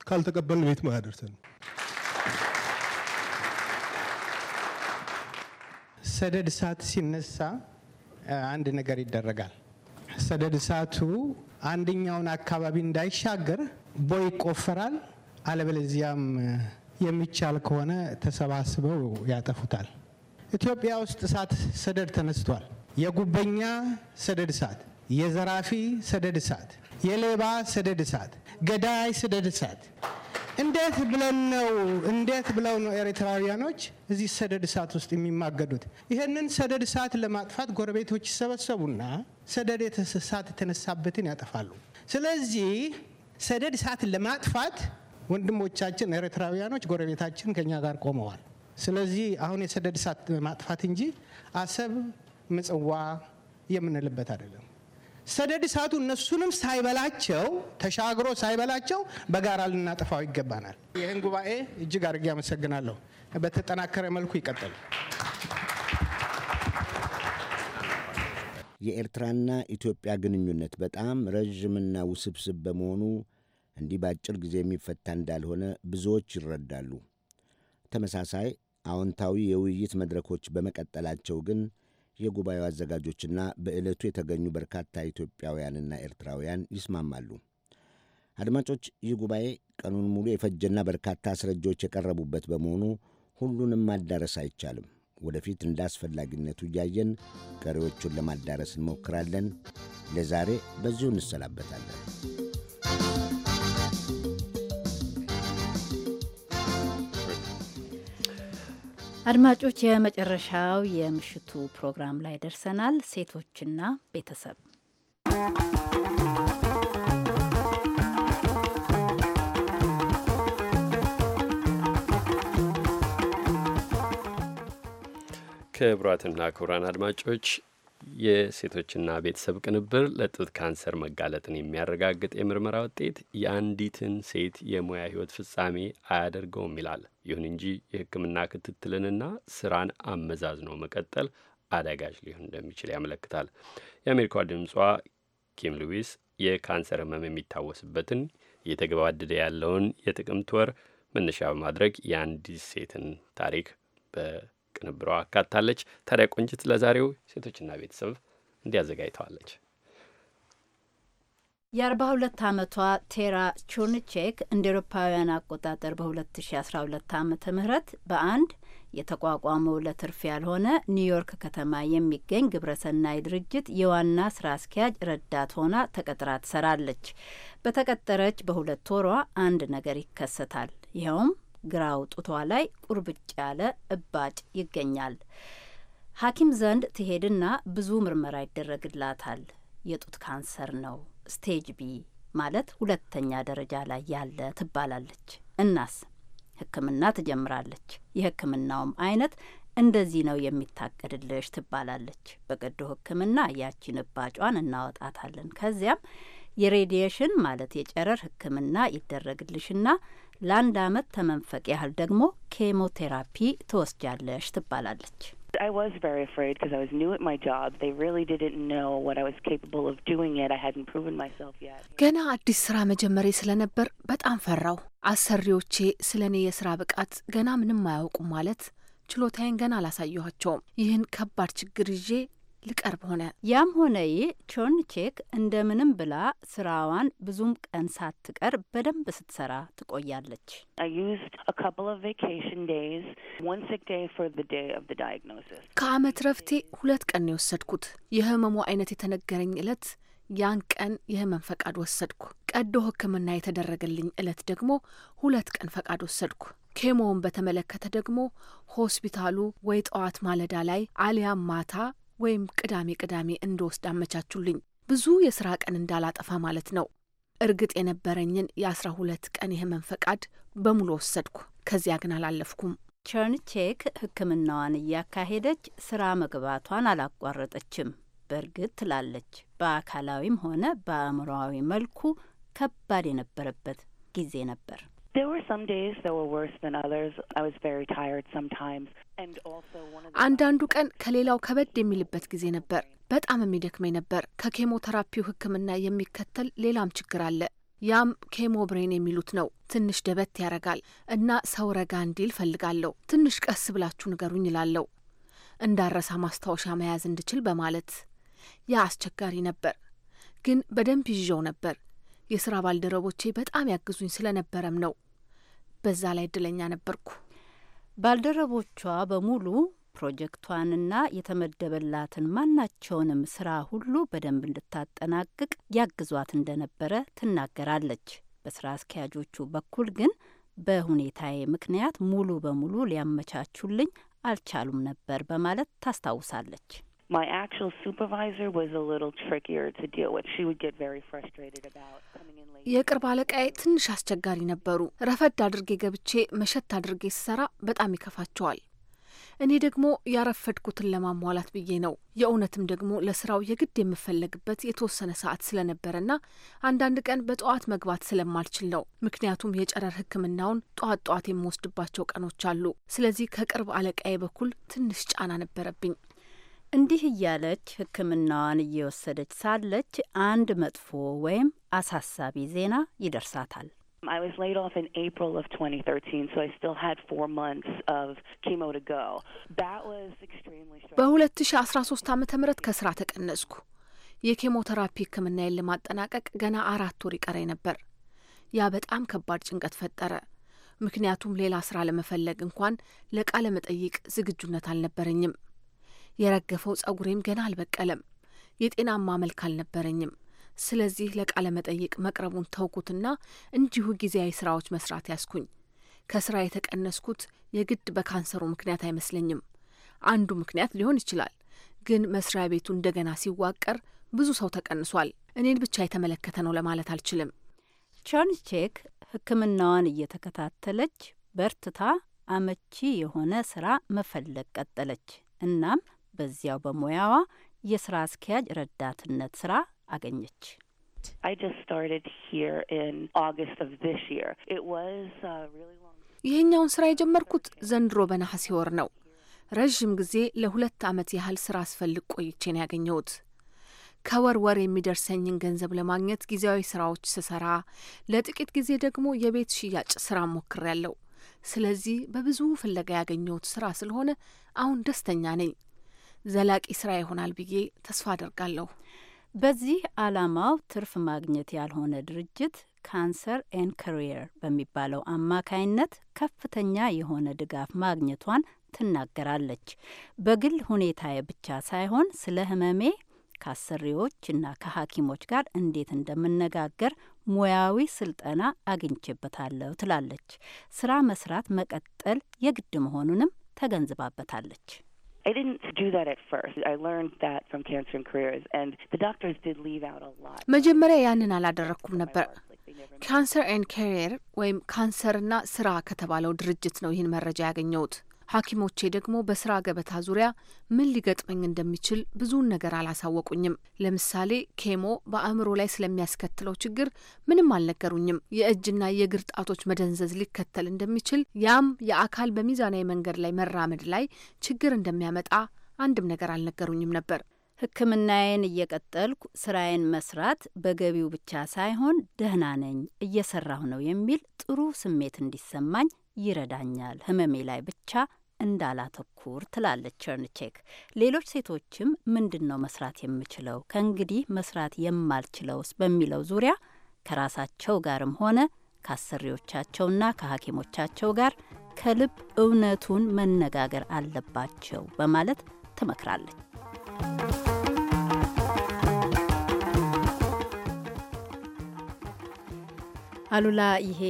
K: ካልተቀበልን የትም አያደርሰንም።
O: ሰደድ እሳት ሲነሳ አንድ ነገር ይደረጋል። ሰደድ እሳቱ አንደኛውን አካባቢ እንዳይሻገር ቦይ ይቆፈራል። አለበለዚያም የሚቻል ከሆነ ተሰባስበው ያጠፉታል። ኢትዮጵያ ውስጥ እሳት ሰደድ ተነስቷል። የጉበኛ ሰደድ እሳት፣ የዘራፊ ሰደድ እሳት፣ የሌባ ሰደድ እሳት፣ ገዳይ ሰደድ እሳት። እንዴት ብለን ነው እንዴት ብለው ነው ኤርትራውያኖች እዚህ ሰደድ እሳት ውስጥ የሚማገዱት? ይህንን ሰደድ እሳት ለማጥፋት ጎረቤቶች ይሰበሰቡና ሰደድ እሳት የተነሳበትን ያጠፋሉ። ስለዚህ ሰደድ እሳት ለማጥፋት ወንድሞቻችን ኤርትራውያኖች ጎረቤታችን ከኛ ጋር ቆመዋል። ስለዚህ አሁን የሰደድ እሳት ማጥፋት እንጂ አሰብ ምጽዋ የምንልበት አይደለም። ሰደድ እሳቱ እነሱንም ሳይበላቸው ተሻግሮ ሳይበላቸው በጋራ ልናጠፋው ይገባናል። ይህን ጉባኤ እጅግ አድርጌ አመሰግናለሁ። በተጠናከረ መልኩ ይቀጥል።
D: የኤርትራና ኢትዮጵያ ግንኙነት በጣም ረዥምና ውስብስብ በመሆኑ እንዲህ በአጭር ጊዜ የሚፈታ እንዳልሆነ ብዙዎች ይረዳሉ። ተመሳሳይ አዎንታዊ የውይይት መድረኮች በመቀጠላቸው ግን የጉባኤው አዘጋጆችና በዕለቱ የተገኙ በርካታ ኢትዮጵያውያንና ኤርትራውያን ይስማማሉ። አድማጮች፣ ይህ ጉባኤ ቀኑን ሙሉ የፈጀና በርካታ አስረጃዎች የቀረቡበት በመሆኑ ሁሉንም ማዳረስ አይቻልም። ወደፊት እንደ አስፈላጊነቱ እያየን ቀሪዎቹን ለማዳረስ እንሞክራለን። ለዛሬ በዚሁ
C: እንሰላበታለን። አድማጮች፣ የመጨረሻው የምሽቱ ፕሮግራም ላይ ደርሰናል። ሴቶችና ቤተሰብ
A: ክቡራትና ክቡራን አድማጮች የሴቶችና ቤተሰብ ቅንብር ለጡት ካንሰር መጋለጥን የሚያረጋግጥ የምርመራ ውጤት የአንዲትን ሴት የሙያ ሕይወት ፍጻሜ አያደርገውም ይላል። ይሁን እንጂ የሕክምና ክትትልንና ስራን አመዛዝኖ መቀጠል አዳጋጅ ሊሆን እንደሚችል ያመለክታል። የአሜሪካ ድምጿ ኪም ሉዊስ የካንሰር ህመም የሚታወስበትን እየተገባደደ ያለውን የጥቅምት ወር መነሻ በማድረግ የአንዲት ሴትን ታሪክ በ ቅንብሯ አካታለች። ታዲያ ቆንጅት ለዛሬው ሴቶችና ቤተሰብ እንዲያዘጋጅተዋለች
C: የአርባ ሁለት ዓመቷ ቴራ ቹንቼክ እንደ ኤሮፓውያን አቆጣጠር በ2012 ዓ ም በአንድ የተቋቋመው ለትርፍ ያልሆነ ኒውዮርክ ከተማ የሚገኝ ግብረሰናይ ድርጅት የዋና ስራ አስኪያጅ ረዳት ሆና ተቀጥራ ትሰራለች። በተቀጠረች በሁለት ወሯ አንድ ነገር ይከሰታል። ይኸውም ግራው ጡቷ ላይ ቁርብጭ ያለ እባጭ ይገኛል። ሐኪም ዘንድ ትሄድና ብዙ ምርመራ ይደረግላታል። የጡት ካንሰር ነው ስቴጅ ቢ ማለት ሁለተኛ ደረጃ ላይ ያለ ትባላለች። እናስ ሕክምና ትጀምራለች። የሕክምናውም አይነት እንደዚህ ነው የሚታቀድልሽ ትባላለች። በቀዶ ሕክምና ያቺን እባጯን እናወጣታለን። ከዚያም የሬዲየሽን ማለት የጨረር ሕክምና ይደረግልሽና ለአንድ አመት ተመንፈቅ ያህል ደግሞ ኬሞቴራፒ ትወስጃለሽ ትባላለች።
E: I was very afraid because I was new at my job. They really didn't know what I was capable of doing yet. I hadn't proven
F: myself yet.
P: ገና አዲስ ስራ መጀመሬ ስለነበር በጣም ፈራው። አሰሪዎቼ ስለ እኔ የስራ ብቃት ገና ምንም አያውቁም ማለት ችሎታዬን ገና አላሳየኋቸውም። ይህን ከባድ ችግር ይዤ ልቀርብ ሆነ። ያም ሆነ ይህ ቾርንቼክ
C: እንደምንም ብላ ስራዋን ብዙም ቀን ሳትቀር በደንብ ስትሰራ ትቆያለች።
P: ከአመት ረፍቴ ሁለት ቀን ነው የወሰድኩት። የህመሙ አይነት የተነገረኝ እለት ያን ቀን የህመም ፈቃድ ወሰድኩ። ቀዶ ሕክምና የተደረገልኝ እለት ደግሞ ሁለት ቀን ፈቃድ ወሰድኩ። ኬሞውን በተመለከተ ደግሞ ሆስፒታሉ ወይ ጠዋት ማለዳ ላይ አሊያም ማታ ወይም ቅዳሜ ቅዳሜ እንድወስድ አመቻቹልኝ። ብዙ የስራ ቀን እንዳላጠፋ ማለት ነው። እርግጥ የነበረኝን የአስራ ሁለት ቀን የህመም ፈቃድ በሙሉ ወሰድኩ። ከዚያ ግን አላለፍኩም። ቸርንቼክ ህክምናዋን እያካሄደች ስራ
C: መግባቷን አላቋረጠችም። በእርግጥ ትላለች፣ በአካላዊም ሆነ በአእምሮዊ መልኩ ከባድ የነበረበት ጊዜ ነበር።
P: አንዳንዱ ቀን ከሌላው ከበድ የሚልበት ጊዜ ነበር። በጣም የሚደክመኝ ነበር። ከኬሞተራፒው ሕክምና የሚከተል ሌላም ችግር አለ። ያም ኬሞ ብሬን የሚሉት ነው። ትንሽ ደበት ያረጋል እና ሰው ረጋ እንዲል ፈልጋለሁ። ትንሽ ቀስ ብላችሁ ንገሩኝ ይላለሁ እንዳረሳ ማስታወሻ መያዝ እንድችል በማለት ያ አስቸጋሪ ነበር፣ ግን በደንብ ይዤው ነበር። የስራ ባልደረቦቼ በጣም ያግዙኝ ስለነበረም ነው በዛ ላይ እድለኛ ነበርኩ። ባልደረቦቿ በሙሉ ፕሮጀክቷንና
C: የተመደበላትን ማናቸውንም ስራ ሁሉ በደንብ እንድታጠናቅቅ ያግዟት እንደነበረ ትናገራለች። በስራ አስኪያጆቹ በኩል ግን በሁኔታዬ ምክንያት ሙሉ በሙሉ ሊያመቻቹልኝ አልቻሉም ነበር በማለት ታስታውሳለች።
E: my actual supervisor was a little trickier to deal with. She would get very
F: frustrated about coming
P: in late. የቅርብ አለቃዬ ትንሽ አስቸጋሪ ነበሩ። ረፈድ አድርጌ ገብቼ መሸት አድርጌ ስሰራ በጣም ይከፋቸዋል። እኔ ደግሞ ያረፈድኩትን ለማሟላት ብዬ ነው። የእውነትም ደግሞ ለስራው የግድ የምፈለግበት የተወሰነ ሰዓት ስለነበረና አንዳንድ ቀን በጠዋት መግባት ስለማልችል ነው። ምክንያቱም የጨረር ሕክምናውን ጠዋት ጠዋት የምወስድባቸው ቀኖች አሉ። ስለዚህ ከቅርብ አለቃዬ በኩል ትንሽ ጫና ነበረብኝ።
C: እንዲህ እያለች ሕክምናዋን እየወሰደች ሳለች አንድ መጥፎ ወይም አሳሳቢ ዜና ይደርሳታል።
P: በ2013 ዓመተ ምህረት ከስራ ተቀነስኩ። የኬሞተራፒ ሕክምናዬን ለማጠናቀቅ ገና አራት ወር ይቀረኝ ነበር። ያ በጣም ከባድ ጭንቀት ፈጠረ። ምክንያቱም ሌላ ስራ ለመፈለግ እንኳን ለቃለ መጠይቅ ዝግጁነት አልነበረኝም። የረገፈው ጸጉሬም ገና አልበቀለም። የጤናማ መልክ አልነበረኝም። ስለዚህ ለቃለ መጠይቅ መቅረቡን ተውኩትና እንዲሁ ጊዜያዊ ስራዎች መስራት ያስኩኝ። ከስራ የተቀነስኩት የግድ በካንሰሩ ምክንያት አይመስለኝም። አንዱ ምክንያት ሊሆን ይችላል። ግን መስሪያ ቤቱ እንደገና ሲዋቀር ብዙ ሰው ተቀንሷል። እኔን ብቻ የተመለከተ ነው ለማለት አልችልም። ቸርንቼክ ሕክምናዋን እየተከታተለች
C: በርትታ አመቺ የሆነ ስራ መፈለግ ቀጠለች። እናም በዚያው በሙያዋ የስራ አስኪያጅ ረዳትነት ስራ አገኘች።
E: uh,
P: ይህኛውን ስራ የጀመርኩት ዘንድሮ በነሐሴ ወር ነው። ረዥም ጊዜ ለሁለት ዓመት ያህል ስራ አስፈልግ ቆይቼ ነው ያገኘሁት ከወር ወር የሚደርሰኝን ገንዘብ ለማግኘት ጊዜያዊ ስራዎች ስሰራ፣ ለጥቂት ጊዜ ደግሞ የቤት ሽያጭ ስራ ሞክሬያለሁ። ስለዚህ በብዙ ፍለጋ ያገኘሁት ስራ ስለሆነ አሁን ደስተኛ ነኝ። ዘላቂ ስራ ይሆናል ብዬ ተስፋ አደርጋለሁ። በዚህ አላማው ትርፍ
C: ማግኘት ያልሆነ ድርጅት ካንሰር ኤን ካሪየር በሚባለው አማካይነት ከፍተኛ የሆነ ድጋፍ ማግኘቷን ትናገራለች። በግል ሁኔታዬ ብቻ ሳይሆን ስለ ህመሜ ከአሰሪዎችና ከሐኪሞች ጋር እንዴት እንደምነጋገር ሙያዊ ስልጠና አግኝቼበታለሁ ትላለች። ስራ መስራት መቀጠል የግድ መሆኑንም ተገንዝባበታለች። I didn't do that at
E: first. I learned that from cancer and careers, and the doctors did leave out a lot.
P: መጀመሪያ ያንን አላደረግኩም ነበር። ካንሰር ኤንድ ካሪየር ወይም ካንሰርና ስራ ከተባለው ድርጅት ነው ይህን መረጃ ያገኘሁት። ሐኪሞቼ ደግሞ በስራ ገበታ ዙሪያ ምን ሊገጥመኝ እንደሚችል ብዙውን ነገር አላሳወቁኝም። ለምሳሌ ኬሞ በአእምሮ ላይ ስለሚያስከትለው ችግር ምንም አልነገሩኝም። የእጅና የእግር ጣቶች መደንዘዝ ሊከተል እንደሚችል፣ ያም የአካል በሚዛናዊ መንገድ ላይ መራመድ ላይ ችግር እንደሚያመጣ አንድም ነገር አልነገሩኝም ነበር። ሕክምናዬን እየቀጠልኩ ስራዬን መስራት በገቢው
C: ብቻ ሳይሆን ደህና ነኝ፣ እየሰራሁ ነው የሚል ጥሩ ስሜት እንዲሰማኝ ይረዳኛል። ህመሜ ላይ ብቻ እንዳላተኩር ትላለች ቸርንቼክ። ሌሎች ሴቶችም ምንድን ነው መስራት የምችለው ከእንግዲህ መስራት የማልችለውስ በሚለው ዙሪያ ከራሳቸው ጋርም ሆነ ከአሰሪዎቻቸውና ከሐኪሞቻቸው ጋር ከልብ እውነቱን መነጋገር አለባቸው በማለት ትመክራለች። አሉላ፣ ይሄ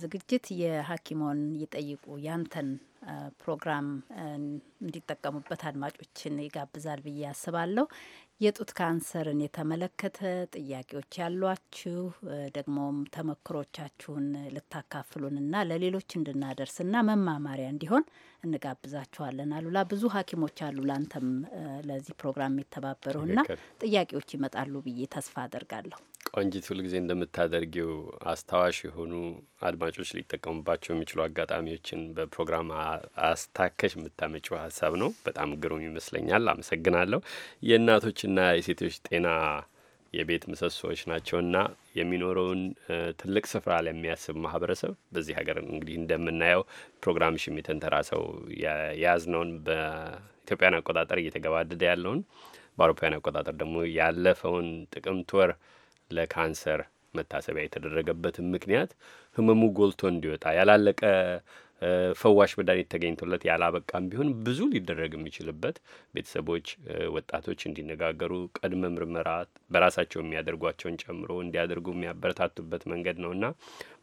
C: ዝግጅት የሐኪሞን ይጠይቁ ያንተን ፕሮግራም እንዲጠቀሙበት አድማጮችን ይጋብዛል ብዬ አስባለሁ። የጡት ካንሰርን የተመለከተ ጥያቄዎች ያሏችሁ ደግሞም ተመክሮቻችሁን ልታካፍሉንና ለሌሎች እንድናደርስና መማማሪያ እንዲሆን እንጋብዛችኋለን። አሉላ ብዙ ሐኪሞች አሉ ላንተም ለዚህ ፕሮግራም የተባበሩና ጥያቄዎች ይመጣሉ ብዬ ተስፋ አደርጋለሁ።
A: ቆንጂት ሁልጊዜ እንደምታደርጊው አስታዋሽ የሆኑ አድማጮች ሊጠቀሙባቸው የሚችሉ አጋጣሚዎችን በፕሮግራም አስታከሽ የምታመጪው ሀሳብ ነው። በጣም ግሩም ይመስለኛል። አመሰግናለሁ። የእናቶችና የሴቶች ጤና የቤት ምሰሶዎች ናቸውና የሚኖረውን ትልቅ ስፍራ ለሚያስብ ማህበረሰብ በዚህ ሀገር እንግዲህ እንደምናየው ፕሮግራምሽ የሚተንተራሰው የያዝነውን በኢትዮጵያን አቆጣጠር እየተገባደደ ያለውን በአውሮፓውያን አቆጣጠር ደግሞ ያለፈውን ጥቅምት ወር ለካንሰር መታሰቢያ የተደረገበትም ምክንያት ህመሙ ጎልቶ እንዲወጣ ያላለቀ ፈዋሽ መድኃኒት ተገኝቶለት ያላበቃም ቢሆን ብዙ ሊደረግ የሚችልበት ቤተሰቦች፣ ወጣቶች እንዲነጋገሩ ቅድመ ምርመራ በራሳቸው የሚያደርጓቸውን ጨምሮ እንዲያደርጉ የሚያበረታቱበት መንገድ ነውና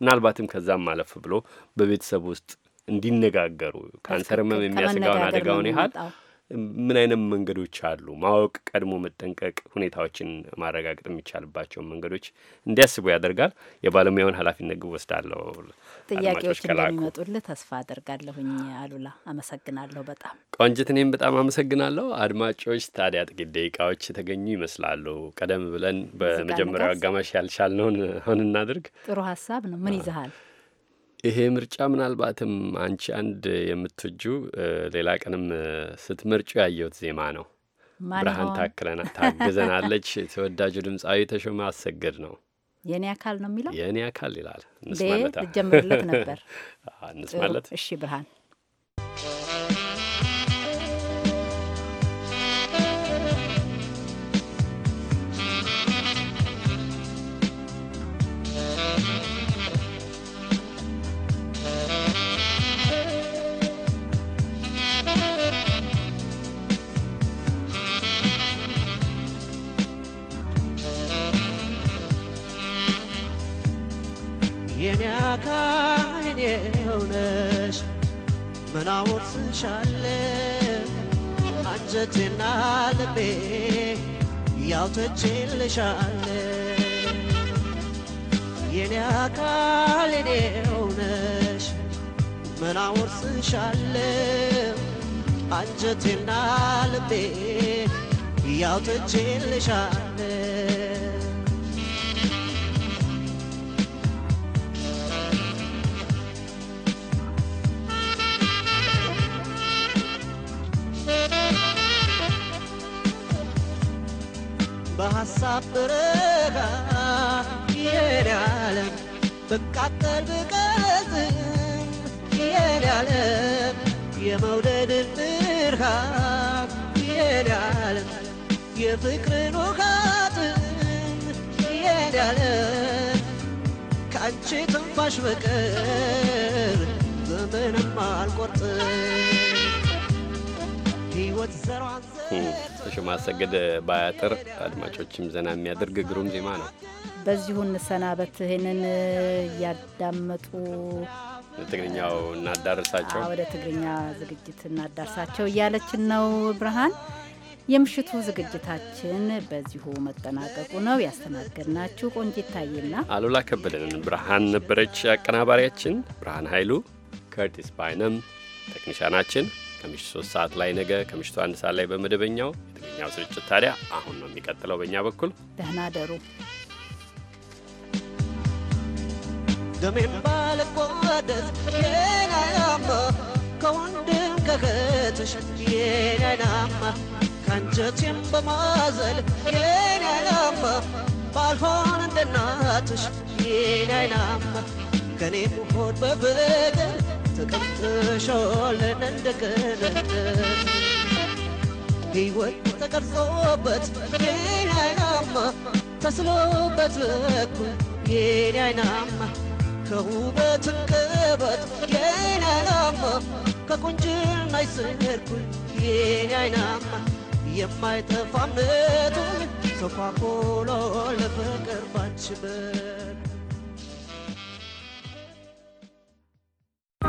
A: ምናልባትም ከዛም አለፍ ብሎ በቤተሰብ ውስጥ እንዲነጋገሩ ካንሰር ህመም የሚያስጋውን አደጋውን ያህል ምን አይነት መንገዶች አሉ? ማወቅ፣ ቀድሞ መጠንቀቅ፣ ሁኔታዎችን ማረጋገጥ የሚቻልባቸውን መንገዶች እንዲያስቡ ያደርጋል። የባለሙያውን ኃላፊነት ግብ ወስዳለሁ። ጥያቄዎች
C: እንደሚመጡልህ ተስፋ አደርጋለሁኝ። አሉላ አመሰግናለሁ በጣም
A: ቆንጅት። እኔም በጣም አመሰግናለሁ። አድማጮች ታዲያ ጥቂት ደቂቃዎች የተገኙ ይመስላሉ። ቀደም ብለን በመጀመሪያው አጋማሽ ያልቻልነውን አሁን እናድርግ።
C: ጥሩ ሀሳብ ነው። ምን ይዘሃል?
A: ይሄ ምርጫ ምናልባትም አንቺ አንድ የምትጁ ሌላ ቀንም ስትመርጩ ያየሁት ዜማ ነው።
C: ብርሃን ታክለና
A: ታግዘናለች። ተወዳጁ ድምፃዊ ተሾመ አሰግድ ነው።
C: የእኔ አካል ነው የሚለው የእኔ አካል
A: ይላል። እንስማለታ ልጀምርለት ነበር እንስማለት።
C: እሺ ብርሃን
Q: አምላካይኔ የሆነሽ መናወጥ ስንሻለ አንጀቴና ልቤ ያውተቼልሻለ የኔ አካል የኔ የሆነሽ አንጀቴና ልቤ በሐሳብ ብረካ የኔ ዓለም ብቃጠል ብቀዝም የኔ ዓለም የመውደድን ብርሃን የኔ ዓለም የፍቅርን ውሃትን የኔ ዓለም ከአንቺ ትንፋሽ በቀር በምንም አልቆርጥም ሕይወት ዘሯን
A: ዘ ተሾማ አሰግድ ባያጥር አድማጮችም ዘና የሚያደርግ ግሩም ዜማ ነው።
C: በዚሁ እንሰናበት። ይህንን እያዳመጡ
A: ትግርኛው እናዳርሳቸው፣ ወደ
C: ትግርኛ ዝግጅት እናዳርሳቸው እያለችን ነው ብርሃን። የምሽቱ ዝግጅታችን በዚሁ መጠናቀቁ ነው። ያስተናገድናችሁ ቆንጂት ታዬና
A: አሉላ ከበደን፣ ብርሃን ነበረች አቀናባሪያችን፣ ብርሃን ኃይሉ፣ ከርቲስ ባይነም ቴክኒሻናችን ከምሽቱ ሶስት ሰዓት ላይ ነገ ከምሽቱ አንድ ሰዓት ላይ በመደበኛው የትግርኛው ስርጭት ታዲያ አሁን ነው የሚቀጥለው። በእኛ በኩል
C: ደህና ደሩ
Q: ከወንድም ከገትሽ ከአንጀቴም በማዘል ባልሆን እንደናትሽ ሆድ ተቀምጥሾልን እንደገነት ሕይወት ተቀርጾበት የኔ አይናማ ተስሎበት በኩል የኔ አይናማ ከውበት እንቅበት የኔ አይናማ ከቁንጅና ይስርኩል የኔ አይናማ የማይጠፋ እምነቱ ሰፋ ለፍቅር
F: ባንችበት